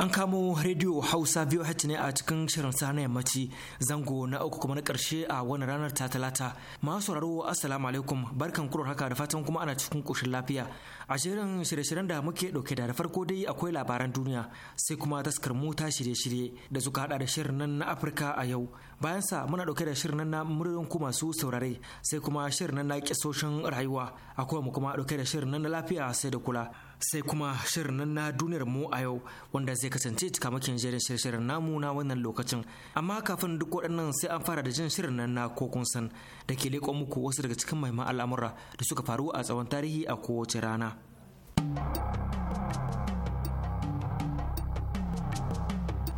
An kamo rediyo Hausa VOH ne a cikin shirin sana na yammaci zango na uku kuma na ƙarshe a wani ranar ta talata. Masu sauraro assalamu alaikum barkan kuro haka da fatan kuma ana cikin koshin lafiya. A shirin shirye-shiryen da muke ɗauke da farko dai akwai labaran duniya sai kuma taskar mu ta shirye-shirye da suka hada da shirin nan na Afirka a yau bayan sa muna dauke da shirin na muryoyin ku masu saurare sai kuma shirin na kisoshin rayuwa akwai mu kuma dauke da shirin na lafiya sai da kula sai kuma shirin na duniyar mu a yau wanda zai kasance cikamakin jerin shirin namu na wannan lokacin amma kafin duk waɗannan sai an fara da jin shirin nan na ko kun san da ke leƙo muku wasu daga cikin mahimman al'amura da suka faru a tsawon tarihi a kowace rana.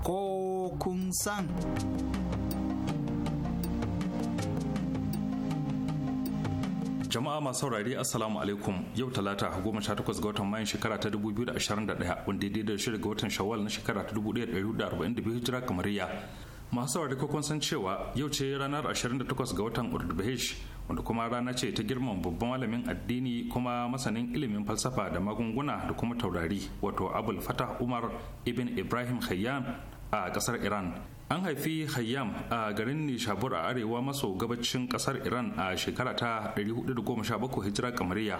Ko kun san. jama'a masu saurari assalamu alaikum yau talata goma sha takwas ga watan mayan shekara ta dubu biyu da ashirin da ɗaya wanda daidai da shida ga watan shawwal na shekara ta dubu ɗaya da ɗari da arba'in da biyu hijira kamariya masu saurari ko kun san cewa yau ce ranar ashirin da takwas ga watan urdubahish wanda kuma rana ce ta girman babban malamin addini kuma masanin ilimin falsafa da magunguna da kuma taurari wato abul fatah umar ibn ibrahim khayyam a kasar iran an haifi hayyam a garin nishabur a arewa maso gabacin kasar iran a shekara ta 417 hijira kamariya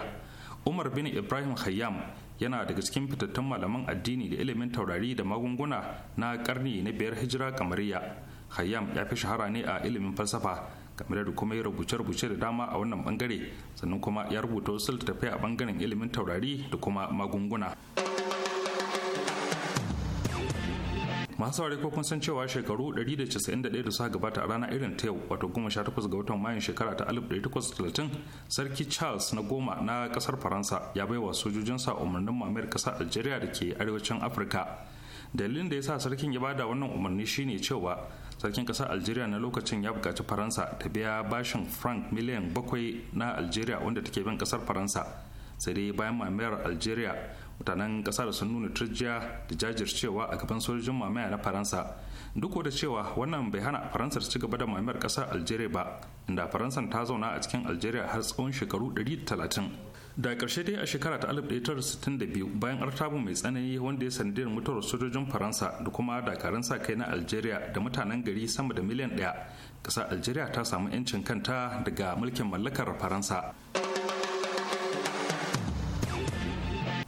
umar bin ibrahim hayyam yana daga cikin fitattun malaman addini da ilimin taurari da magunguna na karni na biyar hijira kamariya hayyam ya fi shahara ne a ilimin falsafa kamar da kuma ya rubuce-rubuce da dama a wannan bangare sannan kuma ya rubuta wasu littattafai a bangaren ilimin taurari da kuma magunguna. masu saurari ko kun san cewa shekaru 191 da suka gabata a ranar irin ta yau wato 18 ga watan mayan shekara ta 1830 sarki charles na goma na kasar faransa ya baiwa sojojinsa umarnin mamayar kasa algeria da ke arewacin afirka dalilin da ya sa sarkin ya bada wannan umarni shine cewa sarkin kasar algeria na lokacin ya bukaci faransa ta biya bashin frank miliyan bakwai na algeria wanda take bin kasar faransa sai dai bayan mamayar algeria mutanen kasar sun nuna turjiya da jajircewa a gaban sojojin mamaya na faransa duk da cewa wannan bai hana faransa ci gaba da mamayar kasar algeria ba inda faransa ta zauna a cikin algeria har tsawon shekaru 130 da karshe dai a shekara ta 1962 bayan artabu mai tsanani wanda ya sanadiyar mutuwar sojojin faransa da kuma dakarun sa kai na algeria da mutanen gari sama da miliyan daya ƙasa algeria ta samu 'yancin kanta daga mulkin mallakar faransa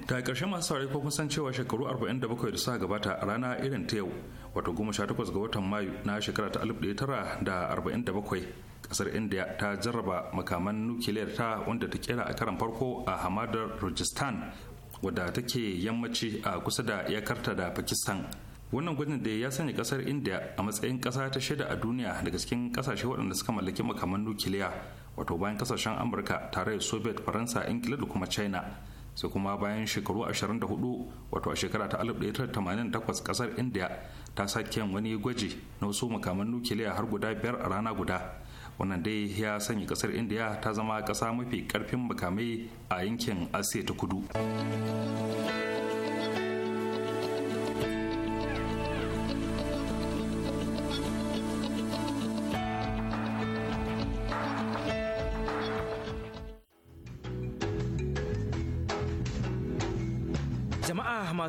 ta ƙarshe masu saurari ko san cewa shekaru 47 da suka gabata a rana irin ta yau wato 18 ga watan mayu na shekara ta 1947 kasar india ta jarraba makaman nukiliyar ta wanda ta kera a karan farko a hamadar rajasthan wadda take yammaci a kusa da yakarta da pakistan wannan gwajin da ya sanya kasar india a matsayin kasa ta shida a duniya daga cikin kasashe waɗanda suka mallaki makaman nukiliya wato bayan kasashen amurka tare da soviet faransa ingila da kuma china sai kuma bayan shekaru 24 wato a shekara ta 1988 kasar india ta sake wani gwaji na wasu makaman nukiliya har guda biyar a rana guda wannan dai ya sanya kasar india ta zama kasa mafi karfin makamai a yankin asiya ta kudu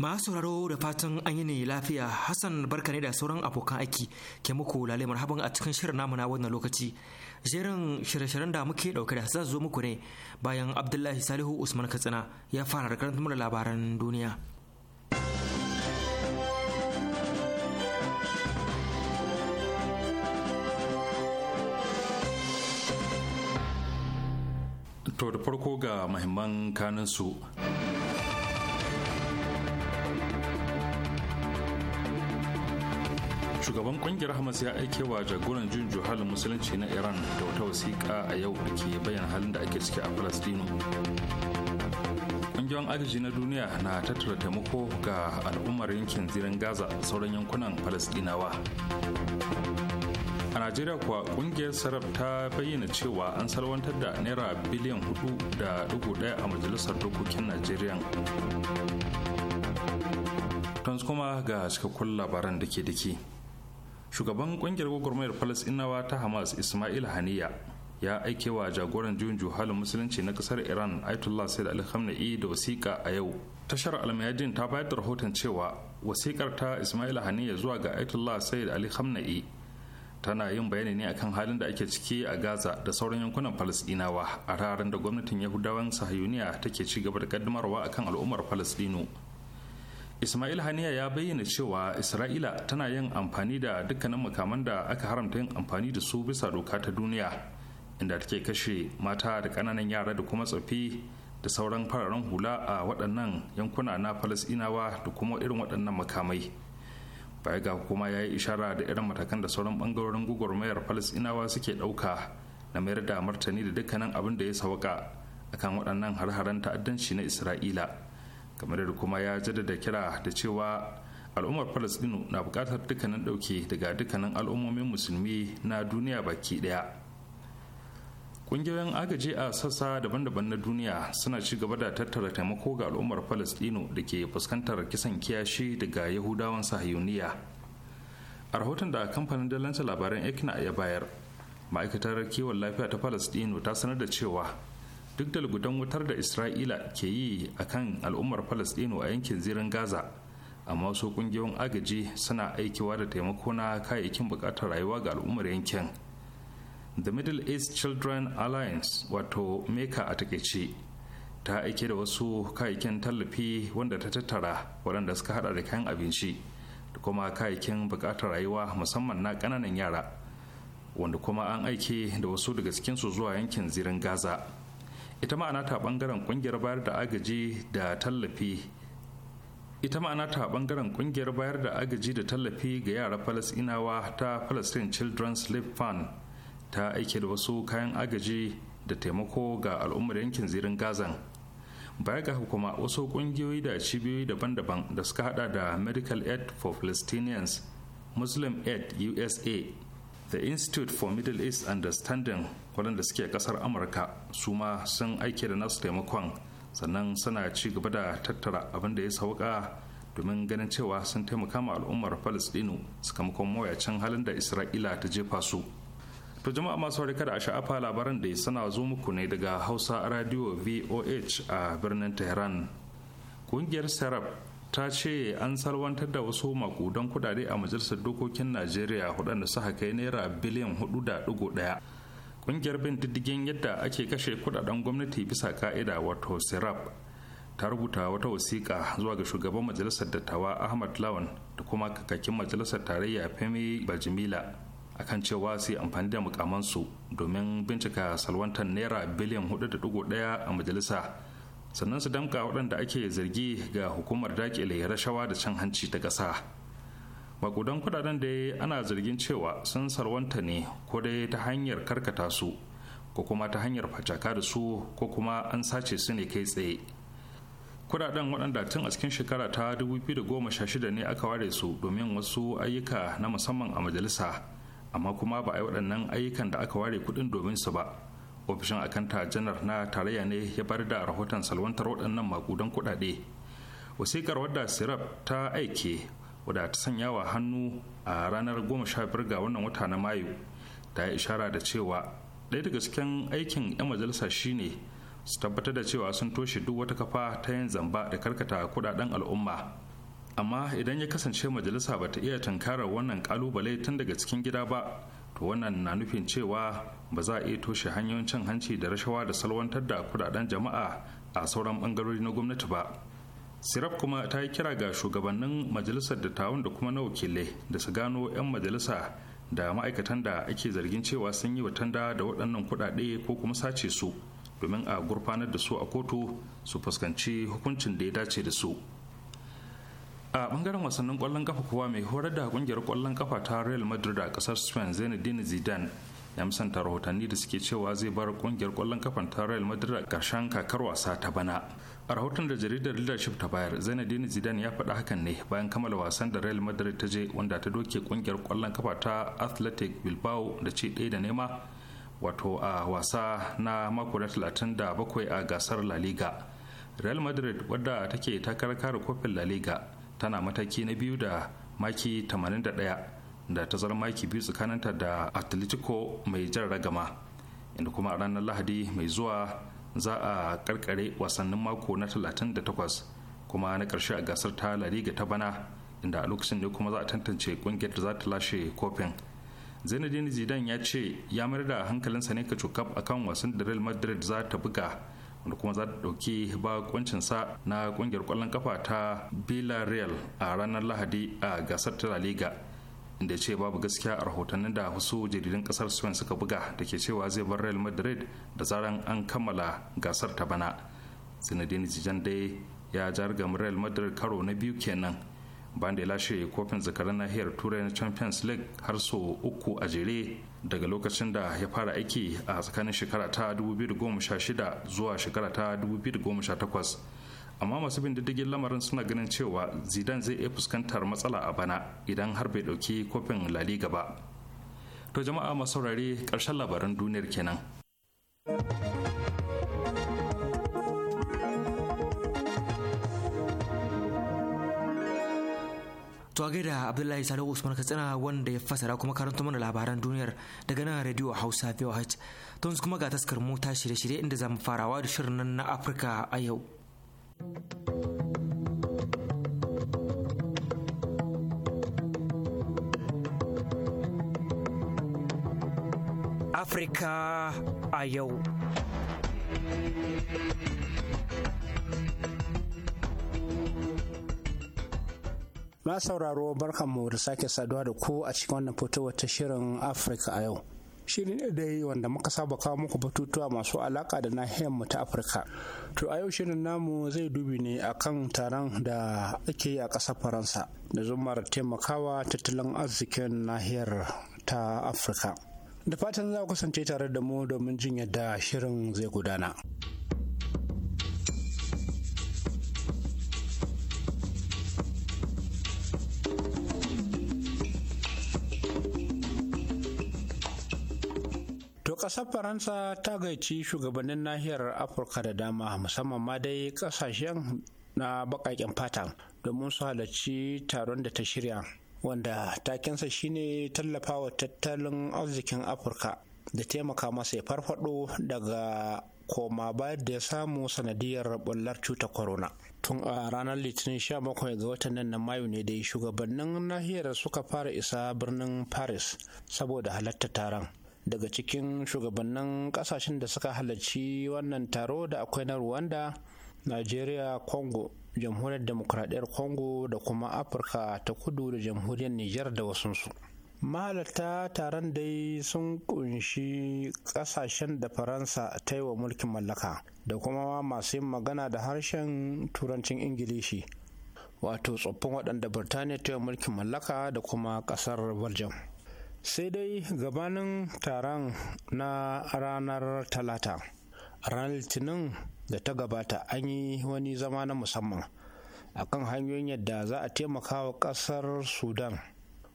masu sauraro da fatan an yi ne lafiya hassan barka ne da sauran abokan aiki ke muku lalai marhaban a cikin shirin namu na wannan lokaci jerin shirye-shiryen da muke dauke da zan zo muku ne bayan abdullahi salihu usman katsina ya fara da karanta mana labaran duniya to da farko ga mahimman kanin shugaban kungiyar hamas ya aike wa jagoran jin juhalin musulunci na iran da wata wasiƙa a yau da ke bayyana halin da ake ciki a falastinu Ƙungiyar agaji na duniya na tattara taimako ga al'ummar yankin zirin gaza sauran yankunan palestinawa a najeriya kuwa ƙungiyar sarraf ta bayyana cewa an salwantar da naira biliyan hudu da dubu daya a majalisar dokokin najeriya tons kuma ga cikakkun labaran da ke dake. shugaban kungiyar gwagwarmayar falasinawa ta hamas ismail haniya ya aike wa jagoran juyin juhalin musulunci na kasar iran ayatollah said ali khamenei da wasiƙa a yau tashar almayadin ta bayar da rahoton cewa wasiƙar ta ismail haniya zuwa ga ayatollah said ali khamenei tana yin bayani ne akan halin da ake ciki a gaza da sauran yankunan falasdinawa a ranar da gwamnatin yahudawan sahayuniya take ci gaba da kaddamarwa akan al'ummar falasdino ismail haniya ya bayyana cewa isra'ila tana yin amfani da dukkanin makaman da aka haramta yin amfani da su bisa doka ta duniya inda take kashe mata da kananan yara da kuma tsofi da sauran fararen hula a waɗannan yankuna na falasɗinawa da kuma irin waɗannan makamai baya ga kuma ya yi ishara da irin matakan da sauran ɓangarorin mayar falasɗinawa suke ɗauka na mayar da martani da dukkanin abin da ya sawaka akan waɗannan har-haren ta'addanci na isra'ila kamar da kuma ya jaddada kira da cewa al'ummar palestino na bukatar dukkanin dauke daga dukkanin al'ummomin musulmi na duniya baki ɗaya ƙungiyoyin agaji a sassa daban-daban na duniya suna ci gaba da tattara taimako ga al'ummar palestino da ke fuskantar kisan kiyashi daga yahudawan sahiyuniya a rahoton da kamfanin dalanta labaran ekna ya bayar ma'aikatar kiwon lafiya ta palestino ta sanar da cewa duk da lugudan wutar da isra'ila ke yi a kan al'ummar falasdino a yankin zirin gaza amma wasu kungiyoyin agaji suna aikiwa da taimako na kayayyakin bukatar rayuwa ga al'ummar yankin the middle east children alliance wato meka a takaice ta aike da wasu kayayyakin tallafi wanda ta tattara waɗanda suka hada da kayan abinci da kuma kayayyakin bukatar rayuwa musamman na ƙananan yara wanda kuma an aike da wasu daga cikinsu zuwa yankin zirin gaza ita ma'ana ta bangaren kungiyar bayar da agaji da tallafi ita ma'ana ta bangaren kungiyar bayar da agaji da tallafi ga yara falasinawa ta palestine children's sleep fund ta aike da wasu kayan agaji da taimako ga al'ummar yankin zirin gazan baya ga kuma wasu kungiyoyi da cibiyoyi daban-daban da suka hada da medical aid for palestinians muslim aid usa the institute for middle east understanding da suke kasar amurka su ma sun aike da nasu taimakon sannan suna ci gaba da tattara abin da ya sauka domin ganin cewa sun taimaka ma al'ummar falastinu sakamakon mawuyacin halin da isra'ila ta jefa su to jama'a masu harika da sha'afa labaran da suna zo muku ne daga hausa radio voh a birnin tehran ƙungiyar sarab ta ce an salwantar da wasu makudan kudade a majalisar dokokin najeriya waɗanda suka kai naira biliyan 4.1 kungiyar bin diddigin yadda ake kashe kudaden gwamnati bisa ka'ida wato sirap ta rubuta wata wasiƙa zuwa ga shugaban majalisar dattawa ahmad lawan da kuma kakakin majalisar tarayya femi bajimila akan cewa sai amfani da mukamansu domin bincika salwantar naira biliyan 4.1 a majalisa sannan su damka waɗanda ake zargi ga hukumar dakile rashawa da cin hanci ta ƙasa Maƙudan kudaden da ana zargin cewa sun sarwanta ne ko dai ta hanyar karkata su ko kuma ta hanyar facaka da su ko kuma an sace su ne kai tsaye kudaden waɗanda tun a cikin shekara ta 2016 ne aka ware su domin wasu ayyuka na musamman a majalisa amma kuma ba a yi waɗannan ayyukan da aka ware kuɗin domin su ba ofishin akanta janar na tarayya ne ya bar da rahoton salwantar waɗannan makudan kuɗaɗe wasikar wadda Sirab ta aike wadda ta sanya wa hannu a ranar goma 15 ga wannan wata na mayu ta yi ishara da cewa ɗaya daga cikin aikin 'yan majalisa shine su tabbatar da cewa sun toshe duk wata kafa ta yin zamba da karkata kudaden al'umma amma idan ya kasance majalisa ba ta iya tunkarar wannan kalubale tun daga cikin gida ba to wannan na nufin cewa ba za a iya toshe hanyoyin cin hanci da rashawa da salwantar da kudaden jama'a a sauran bangarori na gwamnati ba sirap kuma ta yi kira ga shugabannin majalisar dattawan da kuma na wakilai da su gano 'yan majalisa da ma'aikatan da ake zargin cewa sun yi watanda da waɗannan kuɗaɗe ko kuma sace su domin a gurfanar da su a kotu su fuskanci hukuncin da ya dace da su a bangaren wasannin kwallon kafa kuwa mai horar da kungiyar kwallon kafa ta real madrid a kasar spain zinedine zidane ya musanta rahotanni da suke cewa zai bar kungiyar kwallon kafan ta real madrid a karshen kakar wasa ta bana a rahoton da jaridar leadership ta bayar zainadine zidane ya faɗa hakan ne bayan kammala wasan da real madrid ta je wanda ta doke kungiyar kwallon kafa ta athletic bilbao da ce ɗaya da nema wato a wasa na mako na bakwai a gasar la liga real madrid wadda take takarar kare kofin la liga tana mataki na biyu da maki 81 da ta zama maki biyu tsakaninta da atletico mai jan ragama inda kuma a ranar lahadi mai zuwa za a karkare wasannin mako na 38 kuma na karshe a gasar ta la liga ta bana inda a lokacin ne kuma za a tantance kungiyar da za ta lashe kofin zinedine zidane ya ce ya mayar da hankalinsa ne a kan wasan da real madrid za ta buga wanda kuma za ta ɗauki sa na kungiyar kwallon kafa ta villarreal a ranar lahadi a gasar ta la inda ce babu gaskiya a rahotannin da wasu jaridun kasar spain suka buga da ke cewa zai bar real madrid da zaran an kammala gasar ta bana zinedine zidane dai ya jargam real madrid karo na biyu kenan bayan da ya lashe kofin zakarar nahiyar turai na champions league har so uku a jere daga lokacin da ya fara aiki a tsakanin shekara ta 2016 zuwa shekara ta amma masu bin diddigin lamarin suna ganin cewa zidane zai iya fuskantar matsala a bana idan har bai ɗauki kofin lali liga ba to jama'a masaurari saurare ƙarshen labaran duniyar kenan To gaida Abdullahi Salihu Usman Katsina wanda ya fasara kuma karanta mana labaran duniyar daga nan Radio Hausa VOH. to kuma ga taskar mu ta shirye-shirye inda zamu farawa da shirin nan na Afirka a yau. Afirka a yau. na sauraro barkanmu da sake saduwa da ku a cikin wannan fito wata shirin Afirka a yau. shirin dai wanda muka saba kawo muku batutuwa masu alaka da nahiyar mu ta afirka to a yau shirin namu zai dubi ne a kan taron da ake yi a ƙasar faransa da zumar taimakawa tattalin arzikin nahiyar ta afirka da fatan za ku kasance tare da mu domin jin yadda shirin zai gudana. Ƙasar Faransa ta gaici shugabannin nahiyar Afirka da dama musamman ma dai kasashen na baƙaƙen fata domin su halarci taron da ta shirya wanda takinsa shine tallafawa tattalin arzikin Afirka da taimaka masa ya farfado daga koma bayar da ya samu sanadiyar bullar cutar corona tun a ranar litinin 17 ga watan nan na mayu ne da shugabannin nahiyar suka fara isa birnin paris saboda halarta taron daga cikin shugabannin kasashen da suka halarci wannan taro da akwai na rwanda nigeria congo jamhuriyar demokradiyyar congo da kuma afirka ta kudu da jamhuriyar niger da wasunsu mahalarta taron dai sun kunshi kasashen da faransa ta yi wa mulkin mallaka da kuma masu yin magana da harshen turancin ingilishi wato tsoffin waɗanda birtaniya ta yi wa mulkin mallaka da kuma ƙasar belgium sai dai gabanin taron na ranar talata ranar litinin da ta gabata an yi wani zama na musamman akan hanyoyin yadda za a taimaka wa kasar sudan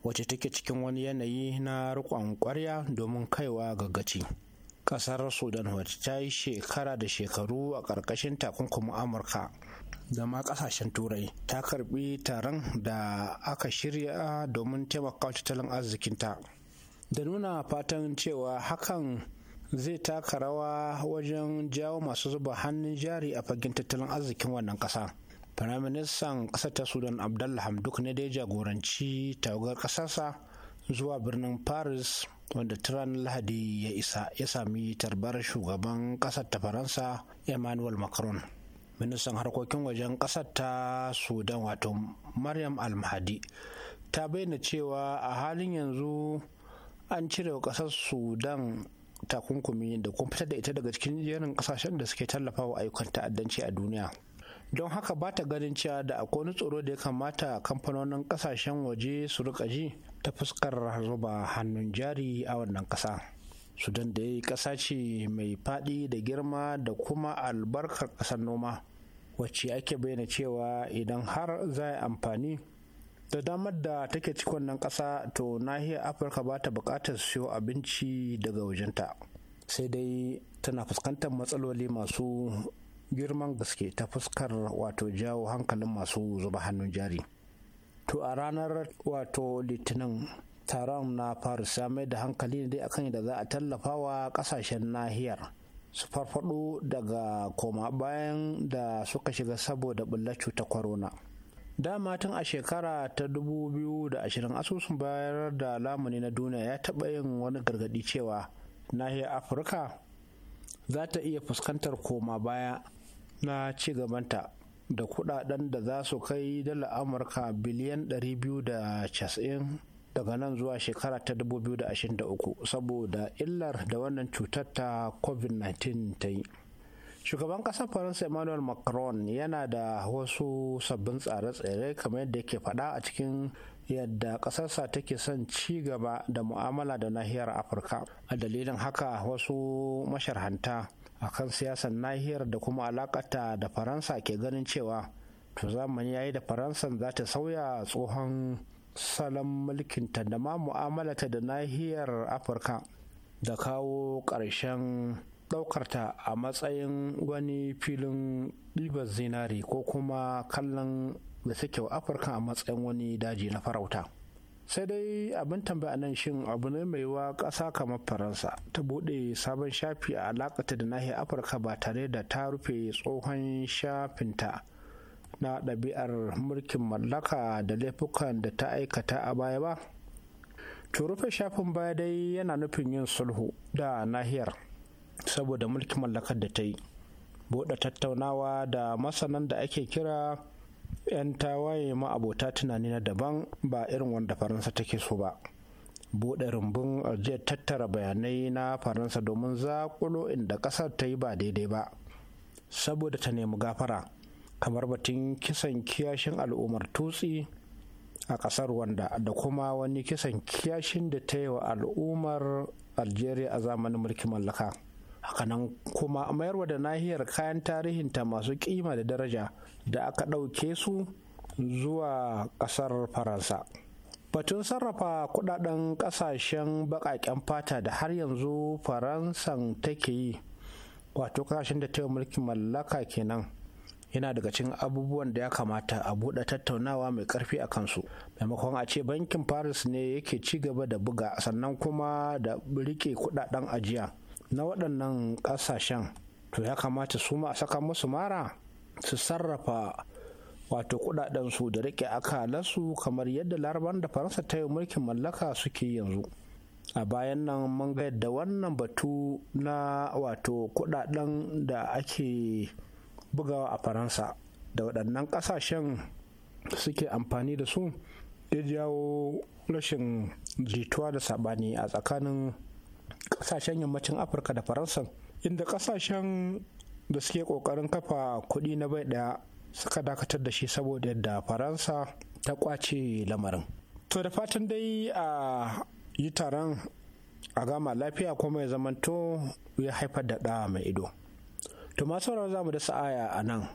wacce take cikin wani yanayi na riƙon ƙwarya domin kaiwa ga gaggaci kasar sudan wacce ta yi shekara da shekaru a ƙarƙashin takunkumin amurka da ma ƙasashen turai ta karbi taron da aka shirya domin taimaka tattalin arzikinta da nuna fatan cewa hakan zai taka rawa wajen jawo masu zuba hannun jari a fagen tattalin arzikin wannan ƙasa firaministan ƙasar ta sudan abdullahi hamduk ne dai jagoranci tawagar ƙasarsa zuwa birnin paris wanda ranar lahadi ya isa ya sami tarbar shugaban ƙasar ta faransa emmanuel macron ministan harkokin wajen ƙasar ta sudan wato maryam almahadi ta bayyana cewa a halin yanzu an cire wa ƙasar sudan takunkumi da kuma fitar da ita daga cikin jerin ƙasashen da suke tallafa wa ayyukan ta'addanci a duniya don haka ba ta ganin cewa da akwai wani tsoro da ya kamata kamfanonin kasashen waje su rika ji ta fuskar zuba hannun jari a wannan kasa sudan da ya yi kasa ce mai faɗi da girma da kuma albarkar ƙasar noma wacce ake bayyana cewa idan har za a amfani da damar da take cikin nan ƙasa to nahiyar afirka ba ta buƙatar siyo abinci daga wajenta sai dai tana fuskantar matsaloli masu girman gaske ta fuskar wato jawo hankalin masu zuba hannun jari to a ranar wato litinin taron na fara ya da hankali ne akan yadda za a tallafa wa kasashen nahiyar su farfado daga koma bayan da suka shiga saboda bulla ta corona dama tun a shekara ta 2020 asusun bayar da lamuni na duniya ya taba yin wani gargaɗi cewa nahiyar afirka za ta iya fuskantar koma baya na ci gabanta da kudaden da za su kai dala amurka biliyan 290 daga nan zuwa shekara ta 2023 saboda illar da wannan cutar ta covid-19 ta yi shugaban kasar faransa emmanuel macron yana da wasu sabbin tsare-tsare kamar yadda yake faɗa a cikin yadda ƙasarsa take son ci gaba da mu'amala da nahiyar afirka a dalilin haka wasu masharhanta a kan siyasar nahiyar da kuma alakata da faransa ke ganin cewa to zamani ya yi da faransa za ta sauya tsohon salon mulkinta da ma mu'amalata da nahiyar afirka da kawo ƙarshen ɗaukarta a matsayin wani filin ɗibar zinari ko kuma kallon da suke afirka a matsayin wani daji na farauta sai dai abin tambaya nan shin abu ne mai wa ƙasa kamar faransa ta buɗe sabon shafi a alakata da nahiyar afirka ba tare da ta rufe tsohon shafinta na ɗabi'ar mulkin mallaka da laifukan da ta aikata a baya ba to rufe shafin baya dai yana nufin yin sulhu da nahiyar saboda mulkin mallakar da ta yi buɗe tattaunawa da masanan da ake kira 'yan tawaye ma'abota tunani na daban ba irin wanda faransa take so ba buɗe rumbun aljiyar tattara bayanai na faransa domin zakulo inda ƙasar ta yi ba daidai ba saboda ta nemi gafara kamar batun kisan kiyashin al'ummar tutsi a ƙasar wanda da kuma wani kisan kiyashin da ta yi wa al'ummar algeria a zamanin mulkin mallaka hakanan kuma mayarwa da nahiyar kayan tarihinta masu kima da daraja da aka ɗauke su zuwa ƙasar faransa batun sarrafa kudaden ƙasashen baƙaƙen fata da har yanzu faransan take yi wato ƙasashen da ta yi mulkin mallaka kenan yana daga cikin abubuwan da ya kamata a buɗe tattaunawa mai ƙarfi a kansu maimakon a ce bankin paris ne yake ci gaba da buga sannan kuma da rike kudaden ajiya na waɗannan ƙasashen to ya kamata su ma a saka musu mara su sarrafa wato su da rike akalansu kamar yadda laraban da faransa ta yi mulkin mallaka suke yanzu a bayan nan mun ga yadda wannan batu na wato kudaden da ake bugawa a faransa da waɗannan ƙasashen suke amfani da su ya jawo rashin jituwa da saɓani a tsakanin kasashen yammacin afirka da faransa inda kasashen da suke kokarin kafa kuɗi na bai ɗaya suka dakatar da shi saboda yadda faransa ta kwace lamarin to da fatan dai a yi taron a gama lafiya kuma ya zamanto ya haifar da ɗa mai ido to masu sauraro za da sa'aya a nan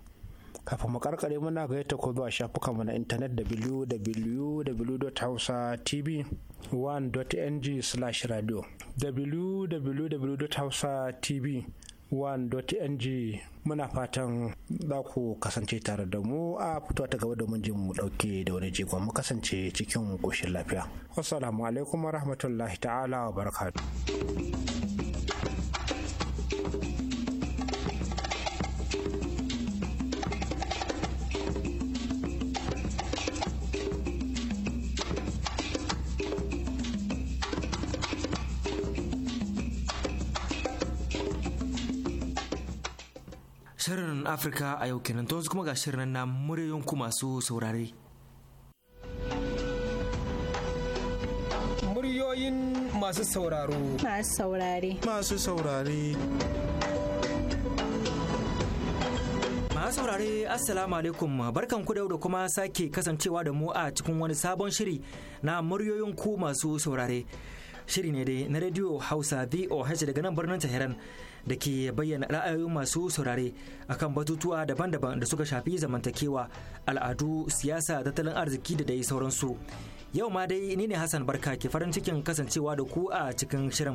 kafin mu karkare muna gayyata ko zuwa shafukanmu na intanet www.hausa tv 1.ng/radio www.hausatv1.ng muna fatan za ku kasance tare da mu a fito ta gaba domin jin mu dauke da wani jigon mu kasance cikin koshin lafiya. wasu alaikum wa rahmatullahi ta'ala wa barakatuh. Shirin Afirka a yau kenan to kuma ga shirin na muryoyin ku masu saurare. Muryoyin masu sauraro. Masu saurare. Masu saurare. Masu saurare Assalamu alaikum barkan ku da kuma sake kasancewa da mu a cikin wani sabon shiri na muryoyin ku masu saurare. Shiri ne dai na Radio Hausa VOH daga nan birnin Tehran. da ke bayyana ra'ayoyin masu saurare akan batutuwa daban-daban da suka shafi zamantakewa al'adu siyasa tattalin arziki da dai sauransu Yau ma dai ni ne Hassan Barka ke farin cikin kasancewa da ku a cikin shirin.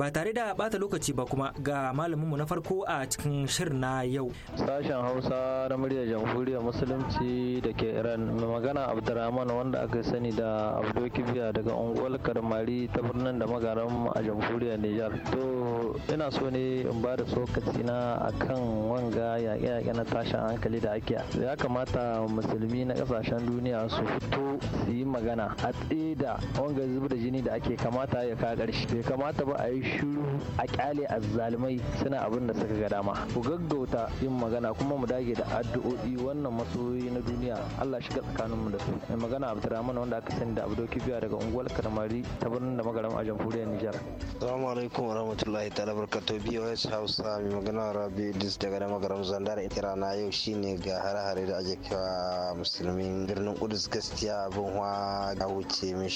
Ba tare da bata lokaci ba kuma ga malaminmu na farko a cikin shirin na yau. Sashen Hausa na muryar Jamhuriyar Musulunci da ke Iran magana Abdurrahman wanda aka sani da Abdo Kibiya daga unguwar Karmari ta birnin da magaran a Jamhuriyar Nijar. To ina so ne in ba da tsokaci na akan wanga yaƙe-yaƙe na tashin hankali da ake. Ya kamata musulmi na kasashen duniya su fito su yi magana a tseda wanga zubar da jini da ake kamata ya ka karshe bai kamata ba a yi shiru a kyale azzalumai suna abin da suka ga dama ku gaggauta yin magana kuma mu dage da addu'o'i wannan masoyi na duniya Allah shiga tsakaninmu da su mai magana Abdurrahman wanda aka sani da Abdul Biya daga unguwar karamari ta birnin da magaram a jamhuriyar Nijar Assalamu alaikum warahmatullahi ta'ala barkatu BOS Hausa mai magana Rabi Idris daga da magaram Zandar kira na yau shine ga hare-hare da ake kawa musulmin birnin Kudus gaskiya abin wa na wuce min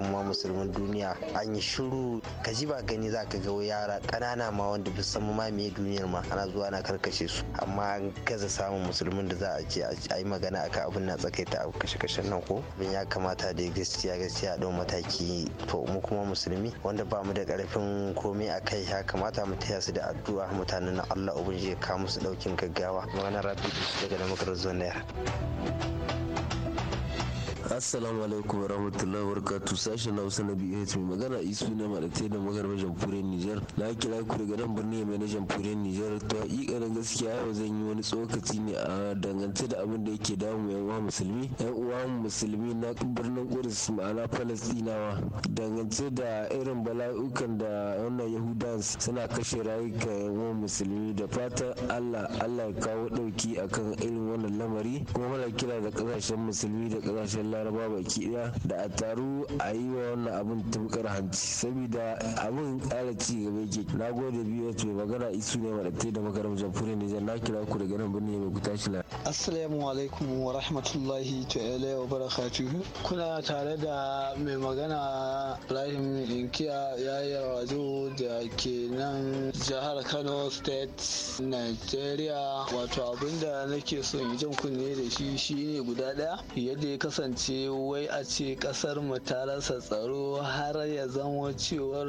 kuma musulmin duniya an yi shiru ka ji ba gani za ka ga yara ƙanana ma wanda bi san ma me duniyar ma ana zuwa na karkashe su amma an gaza samun musulmin da za a ce a yi magana akan abin na tsakaita a kashe-kashen nan ko abin ya kamata da gaskiya gaskiya ɗau mataki to mu kuma musulmi wanda ba mu da karfin komai a kai ya kamata mu taya su da addu'a mutanen na Allah ubin ya ka musu ɗaukin gaggawa magana rabi daga da makarar zuwa assalamu alaikum warahmatullahi wabarakatuh wa na wasu hausa na bih mai magana isu na malatai da magarba jamhuriyar nijar na kira ku daga nan birni mai na jamhuriyar nijar to hakikanin gaskiya yau zan yi wani tsokaci ne a dangance da abin da yake damu yan uwa musulmi yan uwa musulmi na birnin kudus ma'ana palestinawa dangance da irin bala'ukan da wannan yahudan suna kashe rayuka yan uwa musulmi da fatan allah allah ya kawo ɗauki akan irin wannan lamari kuma mana kira da kasashen musulmi da kasashen laraba baki daya da a taru a yi wa wannan abin tabukar hanci saboda abin kara ci gaba yake na gode biyu wato mai magana isu ne maɗatai da makarar jamhuriyar da na kira ku daga nan birni mai kuta shi assalamu alaikum wa rahmatullahi ta'ala wa barakatu kuna tare da mai magana ibrahim inkiya yayi wazo da ke nan jihar kano state nigeria wato abinda nake son jan kunne da shi shine guda ɗaya, yadda ya kasance ce wai a ce kasar mu ta rasa tsaro har ya zamo cewar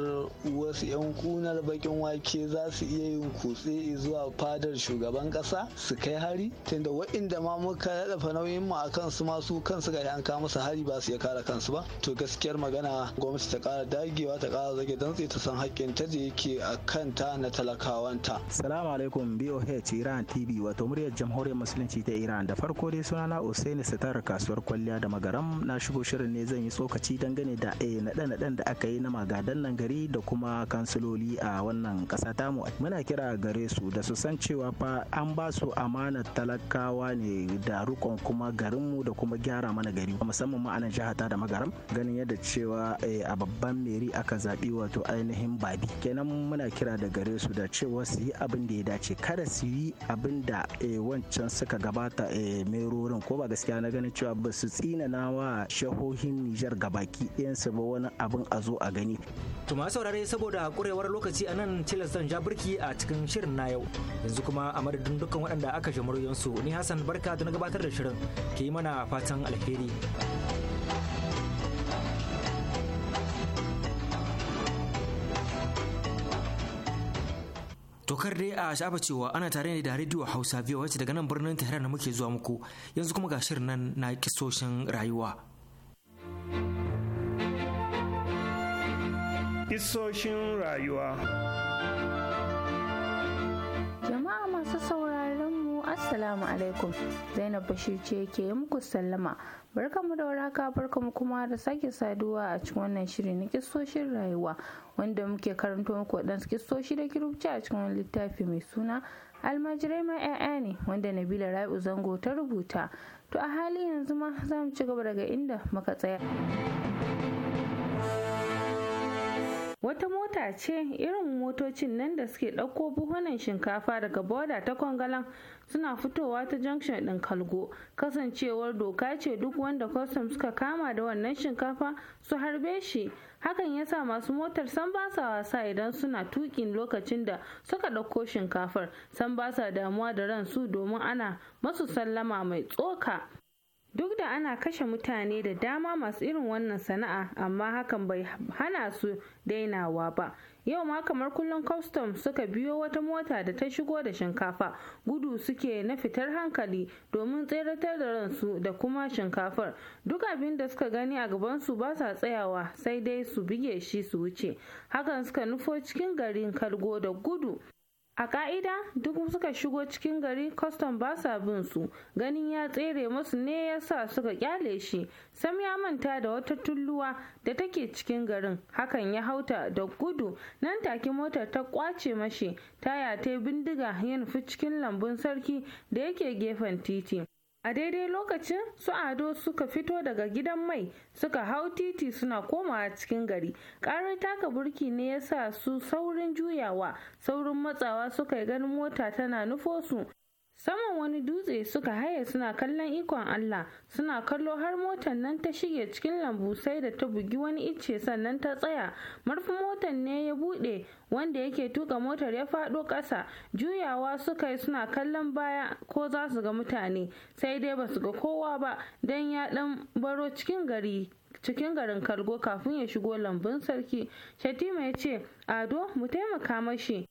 wasu 'yan kunar bakin wake za su iya yin kutse zuwa fadar shugaban kasa su kai hari tunda wa'inda ma muka yadafa nauyin mu a kansu ma su kansu ga yanka musu hari ba su ya kare kansu ba to gaskiyar magana gwamnati ta kara dagewa ta kara zage dantse ta san hakkin ta da yake a kanta na talakawanta salamu alaikum boh iran tv wato muryar jamhuriyar musulunci ta iran da farko dai sunana usaini sitar kasuwar kwalliya da magana magaram na shigo shirin ne zan yi tsokaci dangane da eh, naɗe-naɗen da aka yi na magadan nan gari da kuma kansiloli a wannan ƙasa tamu muna kira gare su da su san cewa fa an ba su amana talakawa ne da rukon kuma garinmu da kuma gyara mana gari musamman ma anan jihar ta da magaram ganin yadda cewa eh, a babban meri aka zaɓi wato ainihin babi kenan muna kira da gare su da cewa su yi abin da ya dace kada su yi abin da eh, wancan suka gabata merorin ko ba gaskiya na ganin cewa ba su tsina dangana wa shahohin Nijar ga baki ɗayansu ba wani abin a zo a gani. Tuma saurare saboda kurewar lokaci a nan ja birki a cikin shirin na yau yanzu kuma a madadin dukkan waɗanda aka muryansu ni Hassan barka da na gabatar da shirin ke yi mana fatan alheri. Tokar dai a shafa cewa ana tare ne da rediyo Hausa biyu wacce daga nan birnin Tehran na muke zuwa muku yanzu kuma ga shirin nan na kisoshin rayuwa. Kisoshin rayuwa. assalamu alaikum zainab bashir ce ke muku sallama barkamu da waraka mu kuma da sake saduwa a cikin wannan shiri na kistoshin rayuwa wanda muke karanto muku waɗansu kistoshi da kirubci a cikin wani littafi mai suna almajirai ma 'ya'ya ne wanda nabila Rabi zango ta rubuta to a hali yanzu ma za mu ci gaba daga inda muka tsaya wata mota ce irin motocin nan da suke ɗauko buhunan shinkafa daga boda ta kwangalan suna fitowa ta junction ɗin kalgo kasancewar doka ce duk wanda kwastam suka kama da wannan shinkafa su harbe shi hakan ya sa masu motar san ba sa wasa idan suna tukin lokacin da suka ɗauko shinkafar san ba sa damuwa da ransu domin ana masu sallama mai tsoka duk da ana kashe mutane da dama masu irin wannan sana'a amma hakan bai hana su dainawa ba yau ma kamar kullum Custom suka biyo wata mota da ta shigo da shinkafa gudu suke na fitar hankali domin tseratar da ransu da kuma shinkafar duk abin da suka gani a gabansu ba sa tsayawa sai dai su bige shi su wuce hakan suka nufo cikin garin kalgo da gudu a ka'ida duk suka shigo cikin gari kwastam ba sa bin su ganin ya tsere musu ne ya sa suka kyale shi sam ya manta da wata tulluwa da take cikin garin hakan ya hauta da gudu nan take motar ta kwace mashi taya ta bindiga ya fi cikin lambun sarki da yake gefen titi a daidai lokacin su ado suka fito daga gidan mai suka hau titi suna komawa cikin gari karar taka burki ne ya sa su saurin juyawa saurin matsawa suka yi ganin mota tana nufo su saman wani dutse suka haye suna kallon ikon Allah suna kallo har motar nan ta shige cikin lambu sai da ta bugi wani icce sannan ta tsaya marfin motar ne ya bude wanda yake tuka motar ya fado kasa juyawa suka yi suna kallon baya ko za su ga mutane sai dai ba su ga kowa ba don ya dan baro cikin gari cikin garin kalgo kafin ya shigo lambun sarki shatima ya ce ado mu taimaka mashi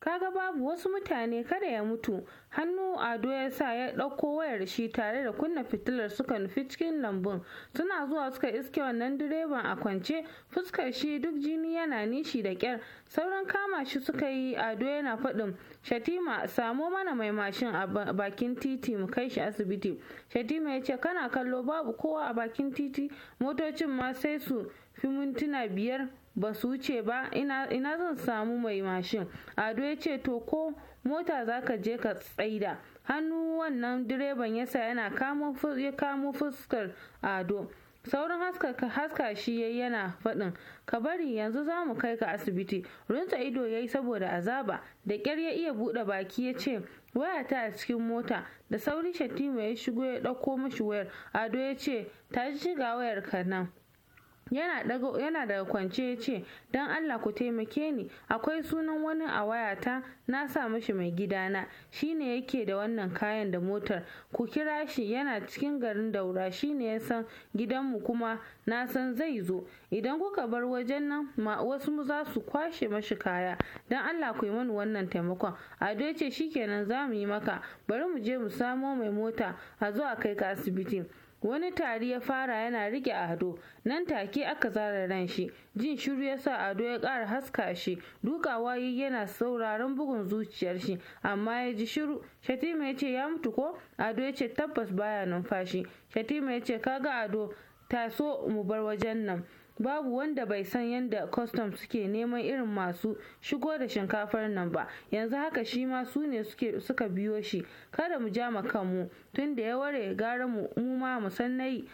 kaga babu wasu mutane kada ya mutu hannu ado ya sa ya ɗauko wayar shi tare da kunna fitilar suka nufi cikin lambun suna zuwa suka iske wannan direban a kwance fuskar shi duk jini yana nishi da kyar sauran kama shi suka yi ado yana faɗin shatima samo mana mai mashin a bakin titi mu kai shi asibiti shatima ya ce kana kallo babu kowa a bakin titi motocin ma sai su fi mintuna biyar ba su wuce ba ina zan samu mai mashin ado ya ce to ko mota za ka je ka tsaida hannu wannan direban yasa yana kamo fuskar ado saurin haska shi yayi yana faɗin ka bari yanzu za mu kai ka asibiti runta ido ya yi saboda azaba da ƙyar ya iya buɗe baki ya ce waya ta a cikin mota da sauri shatima ya shigo ya ɗauko mashi wayar ado ya ce ta ji shiga wayar ka nan yana daga kwance ya ce don allah ku taimake ni akwai sunan wani a wayata na sa mashi mai gidana shine yake da wannan kayan da motar ku kira shi yana cikin garin daura shine ya san gidanmu kuma na san zai zo idan kuka bar wajen nan wasu za su kwashe mashi kaya don allah ku yi mani wannan taimakon a doce ce shikenan za mu yi maka bari mu je mu samo mai mota a zo a kai ka asibiti wani tari ya fara yana rike ado nan take aka zara ran shi jin shiru ya sa ado ya ƙara haska shi dukawa yi yana sauraron bugun zuciyar shi amma ya ji shiru shatima ya ce ya mutu ko ado ya ce tabbas baya numfashi shatima ya ce kaga ado taso mu bar wajen nan babu wanda bai san yadda kwastam suke neman irin masu shigo da shinkafar nan ba yanzu haka shi ma su ne suka biyo shi kada mu ja kanmu tun da ya ware gara mu ma mu san nayi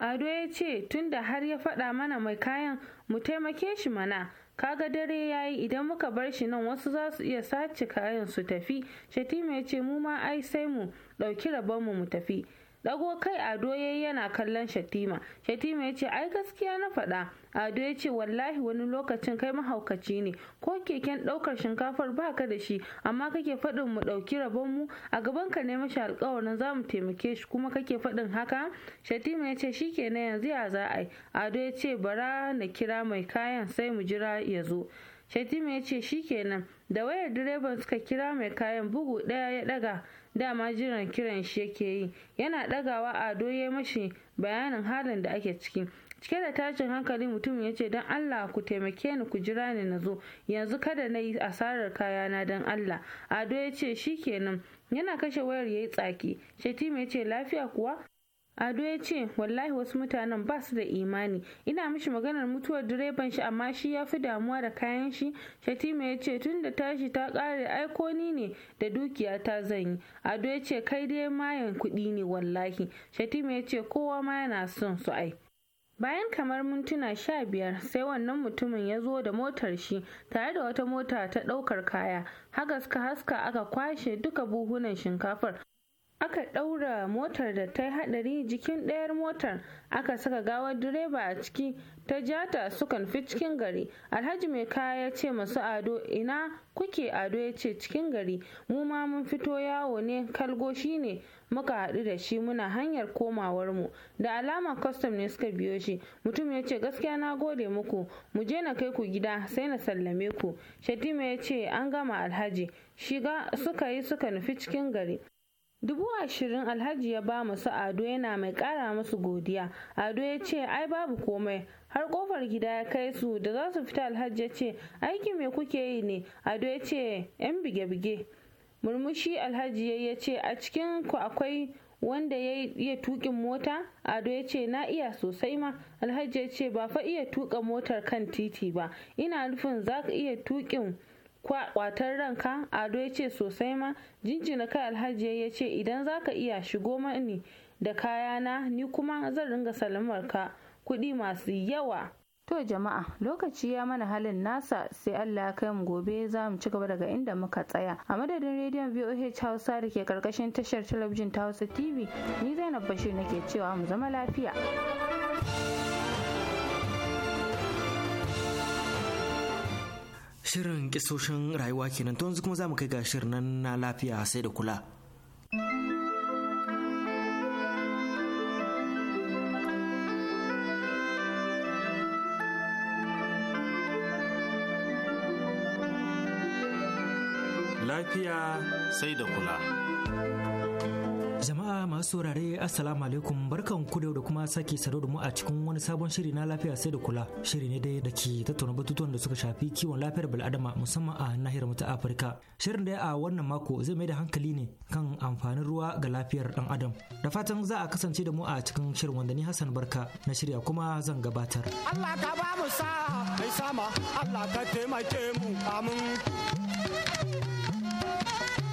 ado ya ce tun da har ya faɗa mana mai kayan mu taimake shi mana kaga dare ya yi idan muka bar shi nan wasu za su iya sace kayan su tafi shatima ya ce mu ma ai sai mu ɗauki rabonmu mu tafi Dago kai Ado yayi yana kallon Shatima. Shatima ya ce ai gaskiya na faɗa. Ado ya ce wallahi wani lokacin kai mahaukaci ne ko keken ɗaukar shinkafar baka da shi amma kake faɗin mu ɗauki rabon mu a gaban ka ne mashi alƙawarin za mu taimake shi kuma kake faɗin haka. Shatima ya ce shikenan yanzu ya za a yi. Ado ya ce bara na kira mai kayan sai mu jira ya zo. Shatima ya ce shikenan da wayar direban suka kira mai kayan bugu ɗaya ya ɗaga dama jiran kiran shi yake yi yana ɗagawa ado ya mashi bayanin halin da ake ciki cike da tashin hankali mutum ya ce don allah ku taimake ni ku jira ni na zo yanzu kada na yi asarar kayana don allah ado ya ce kenan yana kashe wayar ya yi tsaki shetima ya ce lafiya kuwa Ado ya ce wallahi wasu mutanen ba su da imani ina mishi maganar mutuwar direban shi amma shi ya fi damuwa da kayan shi Shatima ya ce tun da tashi ta kare, ƙare ni ne da dukiya ta zanyi Ado ya ce kai dai mayan kuɗi ne wallahi Shatima ya ce kowa ma yana son su ai. bayan kamar mintuna sha biyar sai wannan mutumin ya zo da motar shi tare da wata mota ta ɗaukar kaya haka suka haska aka kwashe duka buhunan shinkafar aka ɗaura motar da ta yi haɗari jikin ɗayar motar aka saka gawar direba a ciki ta jata suka nufi cikin gari alhaji mai kaya ya ce masu ado ina kuke ado ya ce cikin gari mu ma mun fito yawo ne kalgo shi ne muka haɗu da shi muna hanyar komawar mu da alama kwastam ne suka biyo shi mutum ya ce gaskiya na gode muku mu je na kai ku gida sai na sallame ku shatima ya ce an gama alhaji shiga suka yi suka nufi cikin gari dubu ashirin alhaji ya ba masu ado yana mai kara masu godiya ado ya ce ai babu komai har kofar gida ya kai su da za su fita alhaji ya ce aiki me kuke yi ne ado ya ce yan bige-bige murmushi alhaji ya ce a cikin ku akwai wanda ya iya tukin mota ado ya ce na iya sosai ma alhaji ya ce ba fa iya tuka motar kan titi ba ina nufin za ka iya tukin kwatar ranka ado ya ce sosai ma jinjina kai alhaji ya ce idan ka iya shigo mani da kayana ni kuma zan ringa salamar ka kuɗi masu yawa to jama'a lokaci ya mana halin nasa sai allah ya kai mu gobe za mu ci gaba daga inda muka tsaya a madadin rediyon voh hausa da ke karkashin tashar talabijin ta hausa tv ni zainab bashir nake cewa mu zama lafiya Shirin kisoshin rayuwa kenan to yanzu kuma za mu kai ga shirin nan na lafiya sai da kula. Lafiya sai da kula. Jama'a masu saurare Assalamu alaikum barkan ku da kuma sake saro da mu a cikin wani sabon shiri na lafiya sai da kula shiri ne dai da ke tattauna batutuwan da suka shafi kiwon lafiyar bil'adama musamman a nahiyar mu ta Afirka. Shirin da a wannan mako zai mai da hankali ne kan amfanin ruwa ga lafiyar dan adam. Da fatan za a kasance da mu a cikin shirin wanda ni Hassan Barka na shirya kuma zan gabatar. Allah ka ba mu sa'a mai sama Allah ka taimake mu amin.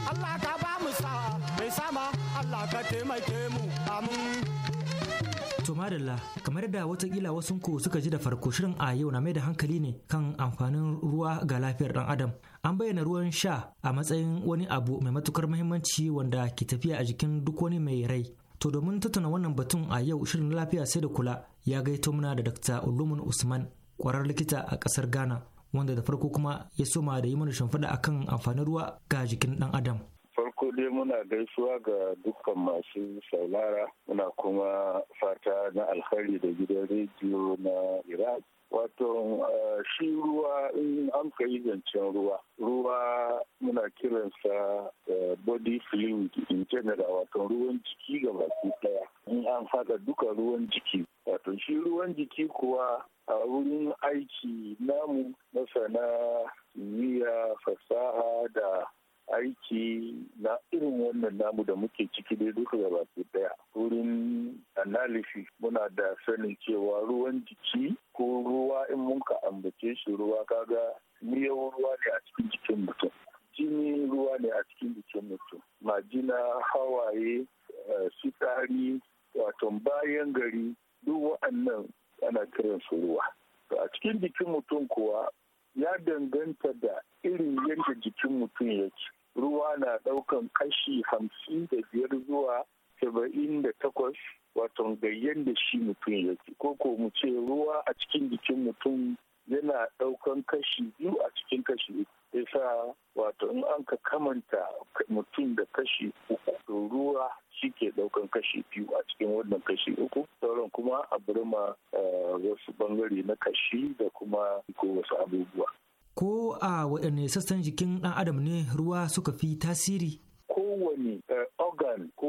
Allah ka ka taimake kamar da watakila wasu ku suka ji da farko shirin a yau na mai da hankali ne kan amfanin ruwa ga lafiyar dan adam. An bayyana ruwan sha a matsayin wani abu mai matukar muhimmanci wanda ke tafiya a jikin duk wani mai rai. To domin tattauna wannan batun a yau shirin lafiya sai da kula ya gaito muna da Dr. Ulumun Usman, kwarar likita a kasar Ghana, wanda da farko kuma ya soma da yi mana shimfiɗa akan amfanin ruwa ga jikin dan adam. farko dai muna gaisuwa ga dukkan masu saulara muna kuma fata na alkhari da gidan rediyo na iraq wato eh, shi ruwa in an ka yi zancen ruwa ruwa muna kiransa eh, body fluid in general wato ruwan jiki ga baki daya in an fada duka ruwan jiki wato shi ruwan jiki kuwa a wurin aiki namu masana kimiyya fasaha da aiki na irin wannan namu da muke ciki da duka gaba daya wurin analisi muna da sanin cewa ruwan jiki ko ruwa in mun ka ambace shi ruwa kaga miyawar ruwa ne a cikin jikin mutum jini ruwa ne a cikin jikin mutum majina hawaye sitari eh, wato bayan gari duk wa'annan ana kiransu su ruwa a cikin jikin mutum kuwa ya danganta da irin yadda jikin mutum yake ruwa na daukan kashi hamsin da biyar zuwa saba'in da takwas wato ga yadda shi mutum yake ko ko mu ce ruwa a cikin jikin mutum yana daukan kashi biyu a cikin kashi yasa wato in an ka kamanta mutum da kashi uku ruwa shi ke daukan kashi biyu a cikin wannan kashi uku sauran kuma a burma eh, wasu bangare na kashi da kuma ko wasu abubuwa ko a waɗanne sassan jikin ɗan adam ne ruwa suka fi tasiri kowane eh, organ ko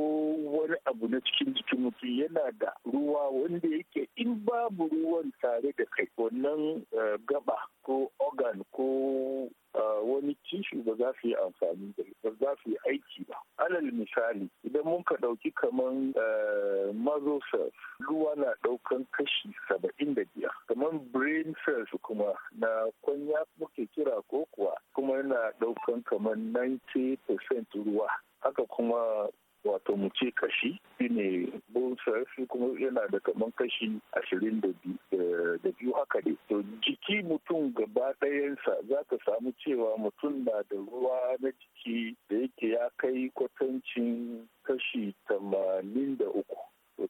wani abu na cikin jikin mutum yana da ruwa wanda yake in babu ruwan tare da kai wannan eh, gaba ko organ ko wani kishi ba za su yi amfani da ba za su yi aiki ba alal misali idan mun ka ɗauki kaman eh, mazo cells ruwa na ɗaukan kashi saba'in da biyar kaman brain cells kuma na kwanya muke kira ko kuwa kuma yana ɗaukan kaman 90% ruwa haka kuma wato mu ce kashi shine bulsa shi kuma yana da kaman kashi ashirin da eh, biyu haka ne to jiki mutum gaba ɗayansa za ka samu cewa mutum na da ruwa na jiki da yake ya kai kwatancin kashi tamanin da uku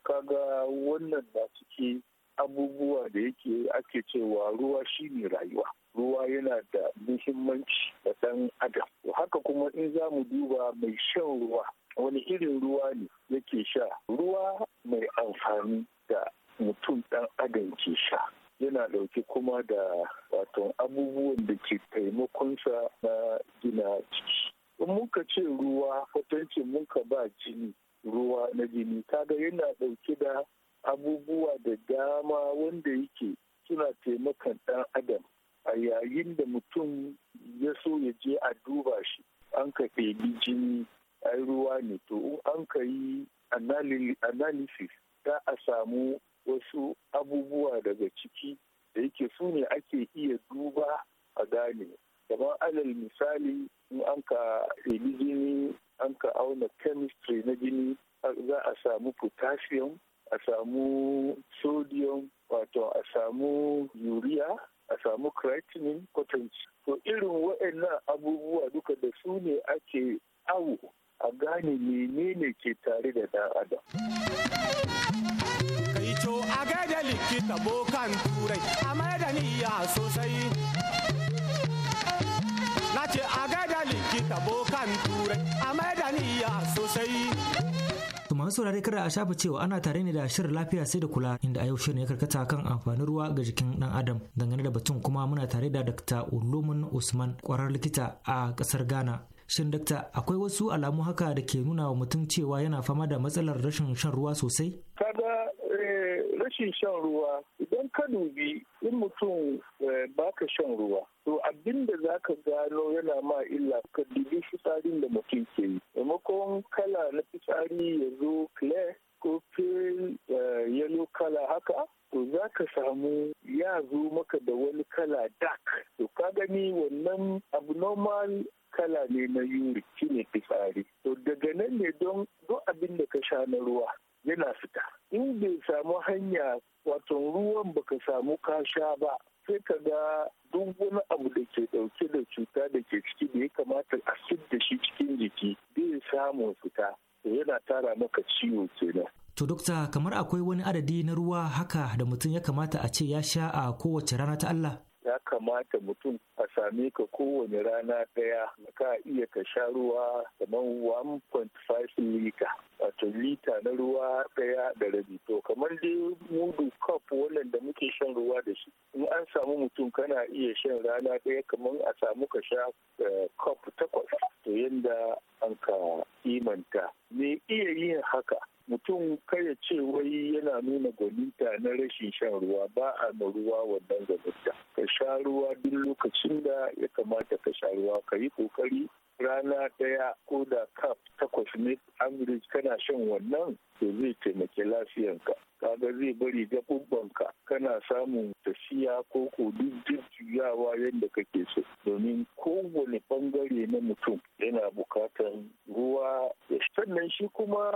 to ga wannan na ciki abubuwa da yake ake cewa ruwa shine rayuwa ruwa yana da muhimmanci ga ɗan adam haka kuma in za mu duba mai shan ruwa wani irin ruwa ne yake sha ruwa mai amfani da mutum ɗan adam ke sha yana ɗauke kuma da wato abubuwan da ke taimakonsa na gina ciki in muka ce ruwa kwatancin muka ba jini ruwa na jini kaga yana ɗauke da abubuwa da dama wanda yake suna taimakan ɗan adam a yayin da mutum ya so ya je a duba shi an ka ɗebi jini ai ruwa ne to an ka yi analysis za a samu wasu abubuwa daga ciki da yake su ne ake iya duba a gane kamar alal misali in an ka ɗebi jini an ka auna chemistry na jini za a samu potassium a samu sodium wato a samu urea a samu creatinine potency to irin waɗannan abubuwa duka da su ne ake awo a gane menene ke tare da ɗan adam to a gaida likita bokan turai a maida niyya sosai na ce a gaida likita bokan turai a maida niyya sosai masu saurare kada a shafa cewa ana tare ne da shirin lafiya sai da kula inda a yau shirin ya karkata kan amfanin ruwa ga jikin dan adam dangane da batun kuma muna tare da Dr. Ulumun Usman kwarar likita a kasar Ghana. Shin dakta akwai wasu alamu haka da ke nuna wa mutum cewa yana fama da matsalar rashin shan ruwa sosai? Kada eh, rashin shan ruwa idan ka dubi in mutum eh, baka shan ruwa to abin da za ka gano yana ma illa ka dubi fitsarin da mutum ke yi maimakon kala na fitsari ya zo clear ko pale eh, yellow kala haka to za ka samu ya zo maka da wani kala dark to ka gani wannan abnormal kala ne na yuri shine fitsari to daga nan ne don abin da ka sha na ruwa yana fita in bai samu hanya wato ruwan baka samu kasha ba sai ka ga duk wani abu da ke dauke da cuta da ke ciki da ya kamata a da shi cikin jiki bai samun fita to yana tara maka ciwo kenan To dokta kamar akwai wani adadi na ruwa haka da mutum ya kamata a ce ya sha a kowace rana ta Allah? ya kamata mutum a same ka kowane rana ɗaya ka iya ka sha ruwa kamar 1.5 lita wato lita na ruwa ɗaya da rabi to kamar dai mudu cup wannan da muke shan ruwa da shi in an samu mutum kana iya shan rana ɗaya kamar a samu ka sha eh, cup takwas to yadda an ka imanta me iya yin haka mutum kaya ce wai yana nuna gwaninta na rashin shan ruwa ba a ma ruwa wannan gwaninta ka sha ruwa duk lokacin da ya kamata ka sha ruwa ka yi kokari rana ɗaya ko da kaf takwas ne average kana shan wannan to zai taimaki lafiyanka kaga zai bari gabubbanka kana samun tafiya ko ko duk juyawa yadda kake so domin kowane bangare na mutum yana bukatan ruwa ya sannan shi kuma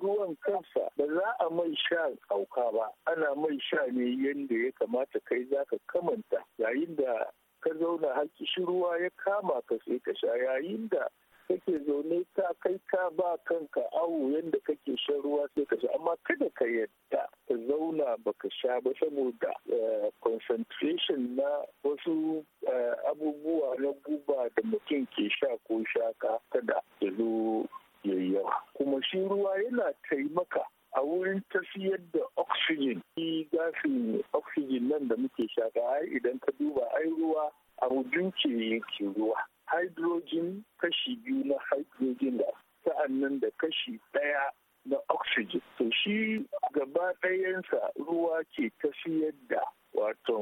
ruwan kansa ba za a mai sha auka ba ana mai sha ne yadda ya kamata kai zaka kamanta yayin da ka zauna har kishi ruwa ya kama ka sai ka sha yayin da kake zaune ka kai ka ba kanka awo yadda kake shan ruwa sai ka sha amma kada ka yadda ka zauna ba ka sha ba saboda eh, concentration na wasu eh, abubuwa na guba da mutum ke sha ko shaka kada ya zo yayyawa kuma shi ruwa yana taimaka a wurin tafiyar da oxygen shi gasin oxygen nan da muke shaka ai idan ka duba ai ruwa a wujin ke yake ruwa hydrogen kashi biyu na hydrogen da sa'annan da kashi ɗaya na oxygen to shi gaba ɗayansa ruwa ke tafiyar da wato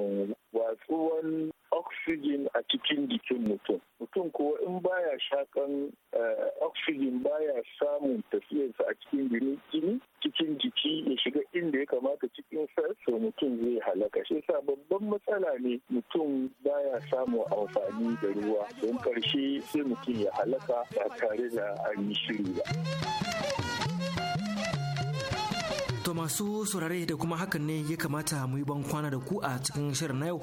watsuwan oxygen a cikin jikin mutum mutum ko in baya shakan eh, oxygen baya samun tafiyarsa a cikin jini cikin jiki ya shiga inda ya kamata cikin sarsa mutum zai halaka shi yasa babban matsala ne mutum baya samun amfani da ruwa don karshe sai mutum ya halaka ba tare da an yi shiri ba. To masu saurare da kuma hakan ne ya kamata mu yi ban kwana da ku a cikin shirin na yau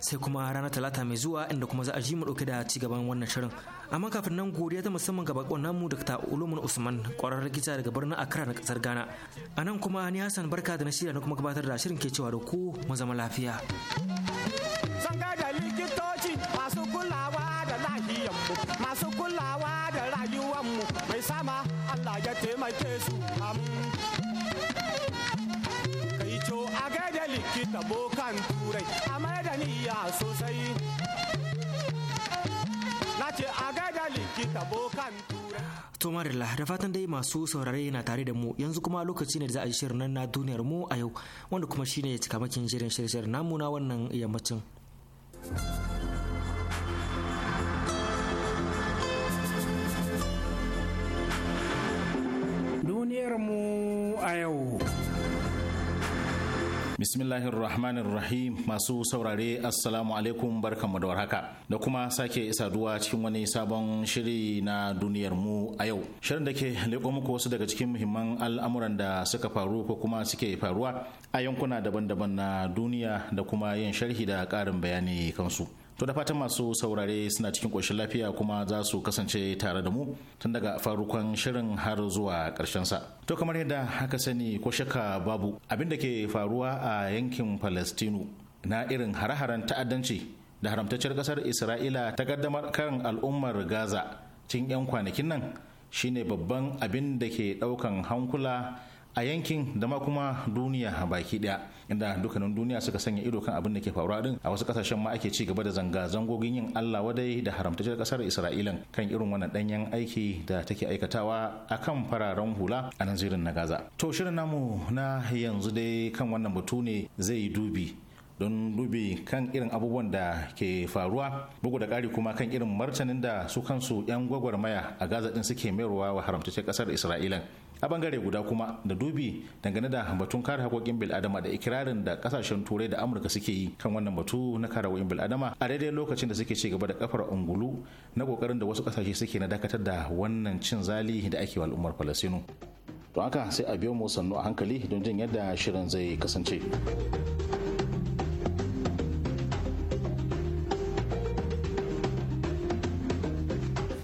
sai kuma rana talata mai zuwa inda kuma za a ji mu dauke da ci gaban wannan shirin. Amma kafin nan godiya ta musamman ga bakon namu Dr. Ulumun Usman kwararren gita daga birnin Accra na kasar Ghana. A nan kuma ni Hassan Barka da na shirya na kuma gabatar da shirin ke cewa da ku mu zama lafiya. Zan da likitoci masu kulawa da lahiyanmu masu kulawa da rayuwanmu mai sama Allah ya taimake su a gaida likita bokan turai a da niyya sosai na ce a gaida likita bokan turai to da fatan dai masu saurare na tare da mu yanzu kuma lokaci ne da za a yi shirin nan na duniyar mu a yau wanda kuma shine ya cika makin shirin shirye-shiryen namu na wannan yammacin Duniyar mu a yau. Bismillahirrahmanirrahim masu saurare Assalamu alaikum barkanmu da warhaka da kuma sake saduwa cikin wani sabon shiri na duniyar mu a yau. Shirin da ke leƙo muku wasu daga cikin muhimman al'amuran da suka faru ko kuma suke faruwa a yankuna daban-daban na duniya da kuma yin sharhi da ƙarin bayani kansu. To da fatan masu saurare suna cikin ƙoshin lafiya kuma za su kasance tare da mu tun daga farukan shirin har zuwa ƙarshen sa. To kamar yadda haka sani ko shaka babu abin da ke faruwa a yankin Falastinu na irin hare-haren ta'addanci da haramtacciyar ƙasar Isra'ila ta kaddamar kan al'ummar Gaza cikin 'yan kwanakin nan shine babban abin da ke ɗaukan hankula a yankin da ma kuma duniya baki daya inda dukkanin duniya suka sanya ido kan abin da ke faruwa din a wasu kasashen ma ake ci gaba da zanga-zangogin yin Allah wadai da haramtacciyar kasar Isra'ila kan irin wannan danyen aiki da take aikatawa akan fararen hula a nan na Gaza to shirin namu na yanzu dai kan wannan batu ne zai yi dubi don dubi kan irin abubuwan da ke faruwa bugu da kari kuma kan irin martanin da su kansu 'yan gwagwarmaya a gaza din suke mayarwa wa haramtacciyar kasar isra'ilan a bangare guda kuma da dubi dangane da batun kare haƙoƙin bil'adama da ikirarin da kasashen turai da amurka suke yi kan wannan batu na kare bil bil'adama a daidai lokacin da suke ci gaba da kafar ungulu na ƙoƙarin da wasu kasashe suke na dakatar da wannan cin zali da ake wa al'ummar falasinu to haka sai a biyo mu sannu a hankali don jin yadda shirin zai kasance.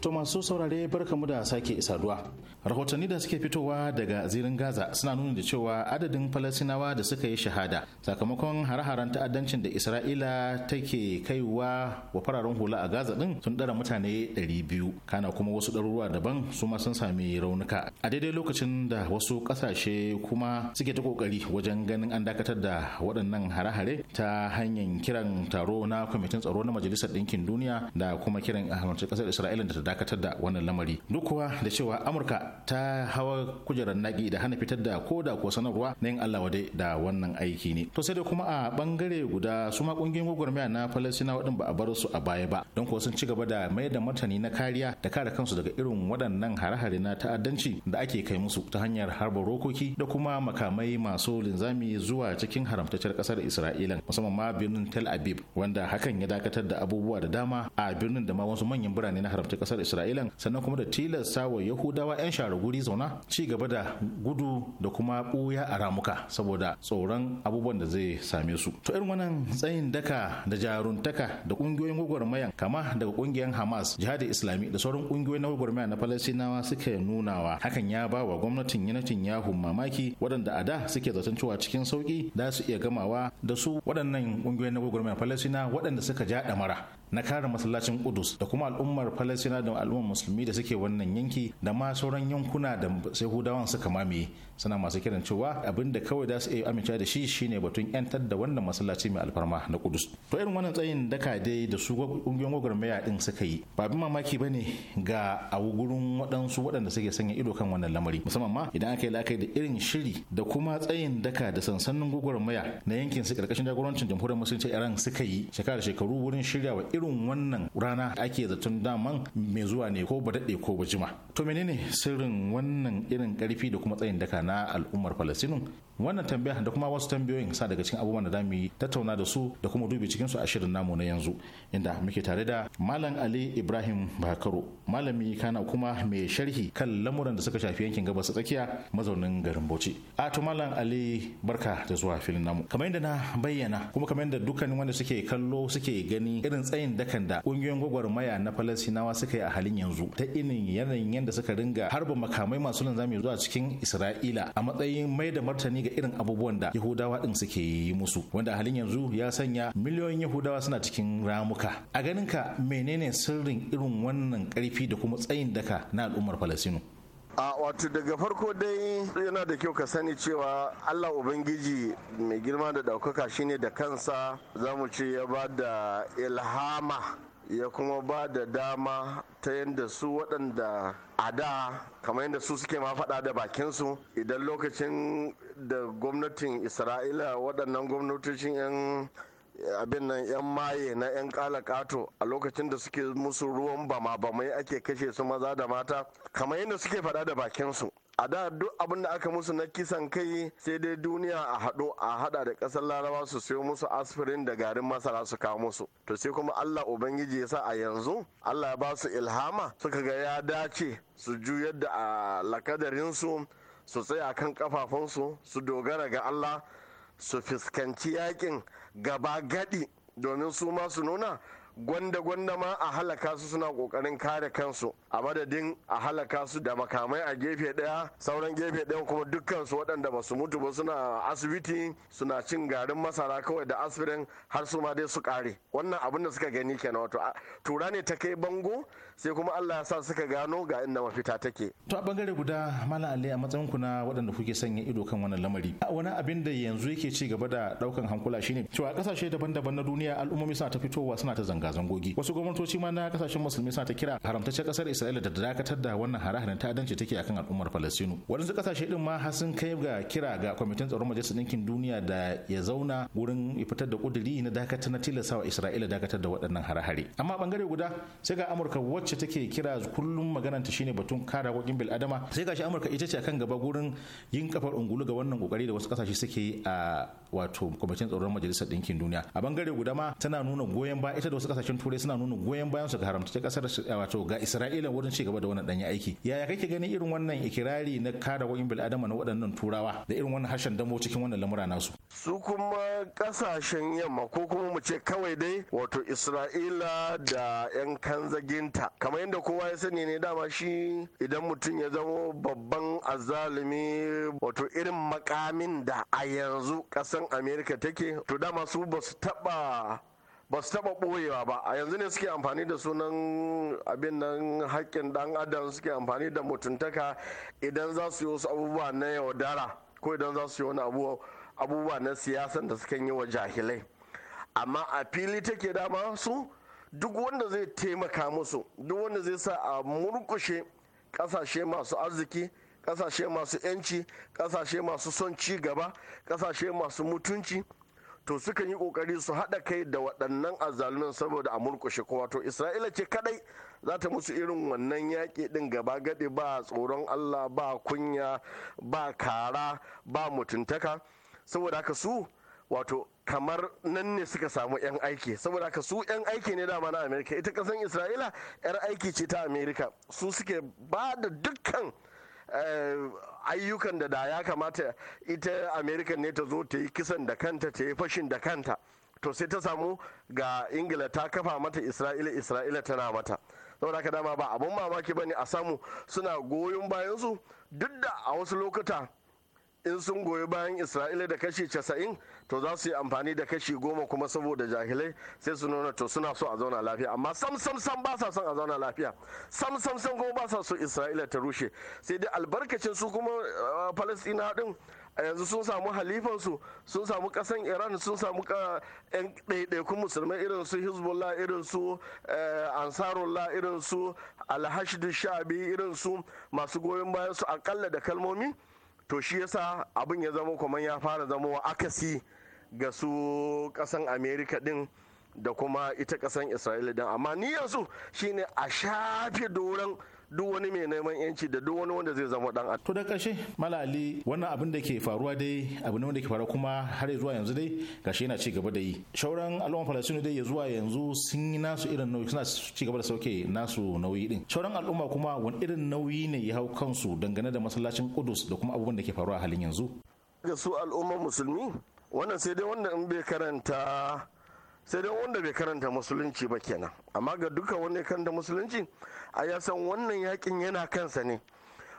To masu saurare barkamu da sake saduwa. Rahotanni da suke fitowa daga zirin Gaza suna nuna da cewa adadin Falasinawa da suka yi shahada sakamakon har haren ta'addancin da Isra'ila take kaiwa wa fararen hula a Gaza din sun dara mutane 200 kana kuma wasu ɗaruruwa daban su ma sun sami raunuka. A daidai lokacin da wasu ƙasashe kuma suke ta kokari wajen ganin an dakatar da waɗannan har hare ta hanyar kiran taro na kwamitin tsaro na Majalisar Ɗinkin Duniya da kuma kiran a ƙasar Isra'ila da ta dakatar da wannan lamari duk kuwa da cewa amurka ta hawa kujerar naki da hana fitar da ko da kuwa sanarwa na yin allah wade da wannan aiki ne to sai dai kuma a bangare guda su ma kungiyoyin gwagwarmaya na falasina waɗin ba a bar su a baya ba don kuwa sun ci gaba da mai da martani na kariya da kare kansu daga irin waɗannan hare-hare na ta'addanci da ake kai musu ta hanyar harba rokoki da kuma makamai masu linzami zuwa cikin haramtacciyar ƙasar isra'ila musamman ma birnin tel aviv wanda hakan ya dakatar da abubuwa da dama a birnin da ma wasu manyan birane na haramta ƙasar isra'ilan sannan kuma da tilasta wa yahudawa 'yan share guri zauna ci gaba da gudu da kuma buya a ramuka saboda tsoron abubuwan da zai same su to irin wannan tsayin daka da jaruntaka da ƙungiyoyin gwagwarmayan kama daga ƙungiyar hamas jihadi islami da sauran ƙungiyoyin gwagwarmaya na falasinawa suka nunawa hakan ya ba wa gwamnatin yanatin yahun mamaki waɗanda a da suke zaton cewa cikin sauki da su iya gamawa da su waɗannan ƙungiyoyin na gwagwarmaya falasina waɗanda suka ja mara na kare masallacin Kudus da kuma al'ummar Falasina da al'ummar musulmi da suke wannan yanki da ma sauran yankuna da Yahudawan suka mamaye suna masu kiran cewa abin da kawai za su iya amince da shi shine batun yantar da wannan masallaci mai alfarma na kudus to irin wannan tsayin daka dai da su kungiyoyin gwagwarmaya din suka yi ba bin mamaki ba ne ga a gurin waɗansu waɗanda suke sanya ido kan wannan lamari musamman ma idan aka yi la'akari da irin shiri da kuma tsayin daka da sansanin gwagwarmaya na yankin su karkashin jagorancin jamhuriyar musulunci iran suka yi shekara shekaru wurin shirya wa irin wannan rana da ake zaton daman mai zuwa ne ko ba daɗe ko ba jima to menene sirrin wannan irin ƙarfi da kuma tsayin daka na na al'ummar Falasinu? Wannan tambaya da kuma wasu tambayoyin sa daga cikin abubuwan da zamu yi tattauna da su da kuma dubi cikin su a shirin namu na yanzu inda muke tare da Malam Ali Ibrahim Bakaro malami kana kuma mai sharhi kan lamuran da suka shafi yankin gabas tsakiya mazaunin garin Bauchi. A to Malam Ali barka da zuwa filin namu. Kamar yadda na bayyana kuma kamar yadda dukkanin wanda suke kallo suke gani irin tsayin dakan da kungiyoyin gwagwarmaya na Falasinawa suka yi a halin yanzu ta inin yanayin yadda suka ringa harba makamai masu linzami zuwa cikin Isra'ila isra'ila a matsayin mai da martani ga irin abubuwan da yahudawa din suke yi musu wanda halin yanzu ya sanya miliyoyin yahudawa suna cikin ramuka a ganin ka menene sirrin irin wannan karfi da kuma tsayin daka na al'ummar falasinu a wato daga farko dai yana da kyau ka sani cewa allah ubangiji mai girma da daukaka shine da kansa za mu ce ya ba da ilhama ya kuma ba da dama ta yadda su waɗanda a da kamar yadda su suke ma faɗa da bakinsu idan lokacin da gwamnatin isra'ila waɗannan gwamnatocin 'yan abin nan 'yan maye na 'yan kato a lokacin da suke musu ruwan bama bamai ake kashe su maza da mata kamar yadda suke faɗa da bakinsu a da duk abin da aka musu na kisan kai sai dai duniya a haɗo a haɗa da ƙasar laraba su siyo musu aspirin da garin masara su kawo musu to sai kuma allah ubangiji ya sa a yanzu allah ya ba su ilhama suka ga ya dace su juyar da a lakadarinsu su tsaya kan kafafunsu su dogara ga allah su fuskanci yakin gaba gadi domin su ma su nuna gwanda-gwanda ma a halaka su suna kokarin kare kansu a madadin a halaka su da makamai a gefe daya sauran gefe ɗayan kuma dukkan su waɗanda ba su mutu ba suna asibiti suna cin garin masara kawai da aspirin har su ma dai su kare wannan abin da suka gani kenan wato tura ne ta kai bango sai kuma Allah ya sa suka gano ga inda mafita take to a bangare guda malam Ali a matsayin ku na waɗanda kuke sanya ido kan wannan lamari A wani abin da yanzu yake ci gaba da daukan hankula shine cewa kasashe daban-daban na duniya al'ummomi suna ta fitowa suna ta zanga-zangogi wasu gwamnatoci ma na kasashen musulmi suna ta kira haramtaccen kasar Isra'ila da dakatar da wannan hare ta ta'addanci take akan al'ummar Falastinu waɗansu kasashe din ma har sun kai ga kira ga kwamitin tsaron majalisar ɗinkin duniya da ya zauna wurin fitar da kuduri na dakatar na Isra'ila dakatar da waɗannan harahare amma bangare guda sai ga Amurka wacce wacce take kira kullum ta shine batun kare bil bil'adama sai gashi amurka ita ce akan gaba gurin yin kafar ungulu ga wannan kokari da wasu kasashe suke yi a wato kwamitin tsaron majalisar ɗinkin duniya a bangare guda ma tana nuna goyon baya ita da wasu kasashen turai suna nuna goyon bayan su ga ta kasar wato ga isra'ila wurin ci da wannan danyen aiki yaya kake ganin irin wannan ikirari na kare bil bil'adama na waɗannan turawa da irin wannan harshen damo cikin wannan lamura nasu su kuma kasashen yamma ko kuma mu ce kawai dai wato isra'ila da 'yan kanzaginta kamar yadda kowa ya sani ne dama shi idan mutum ya zama babban azalimi wato irin makamin da a yanzu kasan america take to dama su ba su taba ba su taba boyewa ba a yanzu ne suke amfani da sunan abin nan haƙƙin dan adam suke amfani da mutuntaka idan za su yi wasu abubuwa na yaudara ko idan za su yi wani abubuwa na siyasan da suka yi wa jahilai amma a fili take dama su duk wanda zai taimaka musu duk wanda zai sa a murkushe kasashe masu arziki kasashe masu yanci kasashe masu son ci gaba kasashe masu mutunci to sukan yi kokari su haɗa kai da waɗannan azzalunan saboda a murkushe kowa to isra'ila ce kadai za ta musu irin wannan yaƙi ɗin gaba gaɗe ba tsoron allah ba kunya ba kara ba mutuntaka saboda haka su wato kamar nan ne suka samu 'yan aiki saboda haka su 'yan aiki ne dama na amerika ita kasan isra'ila 'yar aiki ce ta amerika su suke ba da dukkan eh, ayyukan da da ya kamata ita amerika ne ta zo ta yi kisan da kanta ta yi fashin da kanta to sai ta samu ga ingila ta kafa mata isra'ila isra'ila tana mata saboda haka dama ba abun mamaki ba ne a samu suna goyon bayansu duk da a wasu lokuta in sun goyi bayan isra'ila da kashi casa'in to za su yi amfani da kashi goma kuma saboda jahilai sai su nuna to suna so a zauna lafiya amma sam sam sam ba sa son a zauna lafiya sam sam sam kuma ba sa so isra'ila ta rushe sai dai albarkacin su kuma palestina uh, din a yanzu sun samu halifansu sun samu kasan iran sun samu yan ɗaiɗaikun musulmai irin su hezbollah irin su uh, ansarullah irin su alhashdu sha'abi, irin su masu goyon bayan su akalla da kalmomi to shi yasa abin ya zama kuma ya fara zama akasi ga su kasan amerika din da kuma ita kasan isra'ila din amma ni yanzu shine a shafe doron duk wani mai neman yanci da duk wani wanda zai zama dan adam to da ƙarshe malali wannan abin da ke faruwa dai abu ne wanda ke faruwa kuma har zuwa yanzu dai gashi yana ci gaba da yi shauran al'umma falastinu dai ya zuwa yanzu sun yi nasu irin nauyi suna ci gaba da sauke nasu nauyi din shauran al'umma kuma wani irin nauyi ne ya hau kansu dangane da masallacin kudus da kuma abubuwan da ke faruwa a halin yanzu ga su al'ummar musulmi wannan sai dai wanda in bai karanta sai dai wanda bai karanta musulunci ba kenan amma ga duka wanda ya karanta musulunci a ya san wannan yakin yana kansa ne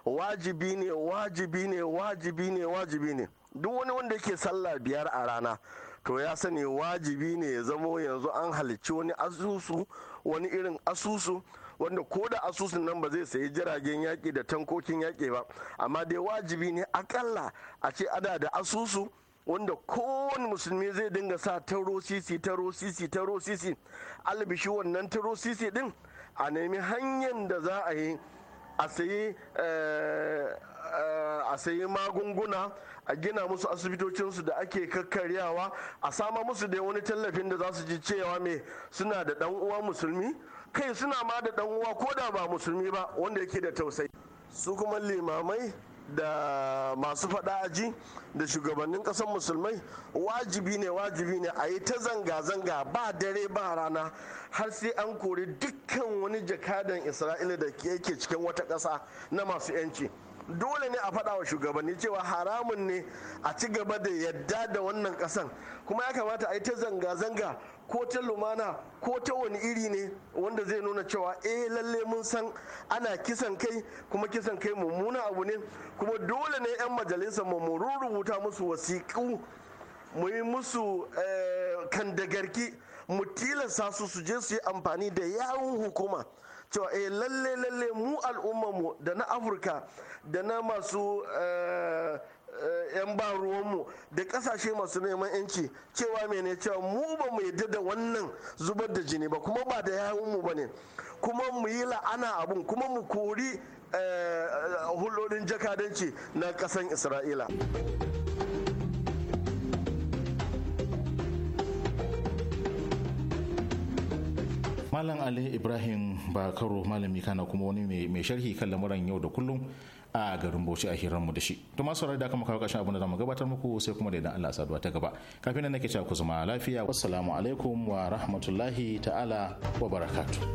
wajibi ne wajibi ne wajibi ne wajibi ne duk wani wanda yake sallah biyar a rana to ya sani wajibi ne ya zamo yanzu an halicci wani asusu wani irin asusu wanda ko da asusun nan ba zai sayi jiragen yaƙi da tankokin yaƙi ba amma dai wajibi ne akalla a ce ada da asusu wanda kowane musulmi zai dinga sa taro sisi taro sisi taro sisi albishi wannan taro sisi din a nemi hanyar da za a yi a sayi eh, eh, magunguna a gina musu asibitocinsu da ake kakkaryawa a sama musu da wani tallafin da za su ji cewa mai suna da dan uwa musulmi kai suna ma da dan uwa ko da ba musulmi ba wanda yake da tausayi su kuma limamai da masu faɗa aji da shugabannin ƙasar musulmai wajibi ne wajibi ne a yi ta zanga-zanga ba dare ba rana har sai an kori dukkan wani jakadan isra'ila da yake cikin wata ƙasa na masu 'yanci dole ne a faɗa wa shugabanni cewa haramun ne a ci gaba da yadda da wannan ƙasan kuma ya kamata a yi ta zanga-zanga ko ta lumana ko ta wani iri ne wanda zai nuna cewa eh lalle mun san ana kisan kai kuma kisan kai mummuna abu ne kuma dole ne 'yan majalisa mu rubuta musu wasiƙu mu yi musu eh, dagarki, mu tilasta su su je su yi amfani da yawun hukuma cewa eh lalle lalle mu al'ummar mu da na afirka da na masu eh, Eh, 'yan ba ruwanmu da kasashe masu neman yanci cewa mene cewa mu ba mu yadda da wannan zubar da jini ba kuma ba da yawunmu ba ne kuma mu yi la'ana abun kuma mu kori eh, hulolin jakadanci na ƙasan isra'ila malam ali ibrahim bakaro malami kana kuma wani mai sharhi kan lamuran yau da kullum a garin Bauchi a hirar mu da shi to masu da aka makawa kashin abin da zamu gabatar muku sai kuma da idan Allah saduwa ta gaba kafin nan nake cewa ku zama lafiya assalamu alaikum wa rahmatullahi ta'ala wa barakatuh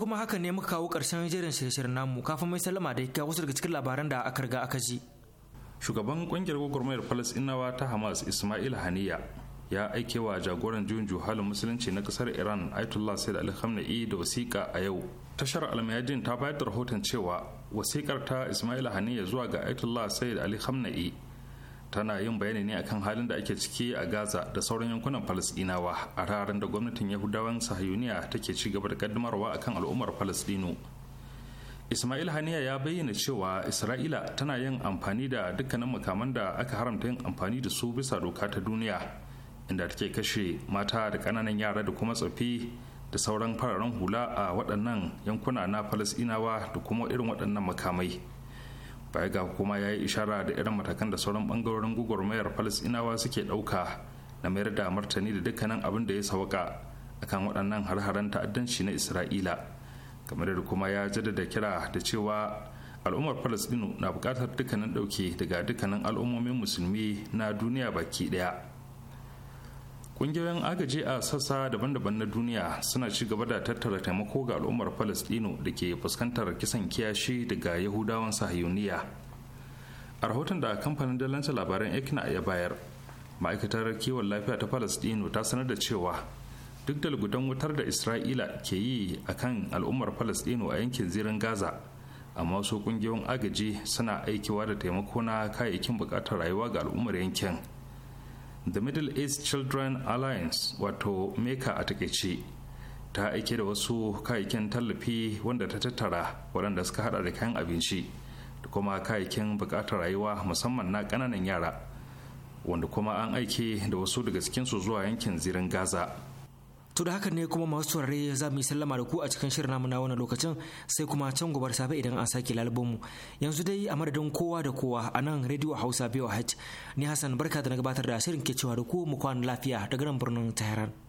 kuma haka ne muka kawo karshen jerin shirye-shiryen namu kafin mai sallama da ya wasu daga cikin labaran da aka riga aka ji. shugaban kungiyar gwagwarmayar falasinawa ta hamas ismail haniya ya aike wa jagoran juyin juhalin musulunci na kasar iran ayatollah said ali khamenei da wasiƙa a yau tashar almayadin ta bayar da rahoton cewa wasiƙar ta ismail haniya zuwa ga ayatollah said ali khamenei tana yin bayani ne akan halin da ake ciki a gaza da sauran yankunan falasdinawa a ranar da gwamnatin yahudawan sahayuniya take ci gaba da kaddamarwa akan al'ummar falasdino ismail haniya ya bayyana cewa isra'ila tana yin amfani da dukkanin makaman da aka haramta yin amfani da su bisa doka ta duniya inda take kashe mata da ƙananan yara da kuma tsofi da sauran fararen hula a waɗannan yankuna na falasɗinawa da kuma irin waɗannan makamai baya ga kuma ya yi ishara da irin matakan da sauran ɓangarorin gugurmayar falasɗinawa suke ɗauka na mayar da martani da dukkanin abin da ya sawaka akan waɗannan har-haren ta'addanci na isra'ila kamar yadda kuma ya jaddada kira da cewa al'ummar palestino na bukatar dukkanin dauke daga dukkanin al'ummomin musulmi na duniya baki ɗaya ƙungiyoyin agaji a sassa daban-daban na duniya suna ci gaba da tattara taimako ga al'ummar palestino da ke fuskantar kisan kiyashi daga yahudawan sahiyuniya a rahoton da kamfanin dalancin labaran ekna ya bayar ma'aikatar kiwon lafiya ta palestino ta sanar da cewa duk da lugudan wutar da isra'ila ke yi a kan al'ummar falastinu a yankin zirin gaza amma wasu kungiyoyin agaji suna aikiwa da taimako na kayayyakin bukatar rayuwa ga al'ummar yankin the middle east children alliance wato meka a takaice ta aike da wasu kayayyakin tallafi wanda ta tattara waɗanda suka hada da kayan abinci da kuma kayayyakin bukatar rayuwa musamman na ƙananan yara wanda kuma an aike da wasu daga cikinsu zuwa yankin zirin gaza To da hakan ne kuma masu turare za mu yi sallama da ku a cikin shirin namu na wannan lokacin sai kuma can gobar safe idan an sake lalbon mu. Yanzu dai a madadin kowa da kowa a nan Radio Hausa BOH ni Hassan barka da na gabatar da shirin ke cewa da ku mu kwana lafiya daga nan birnin Tehran.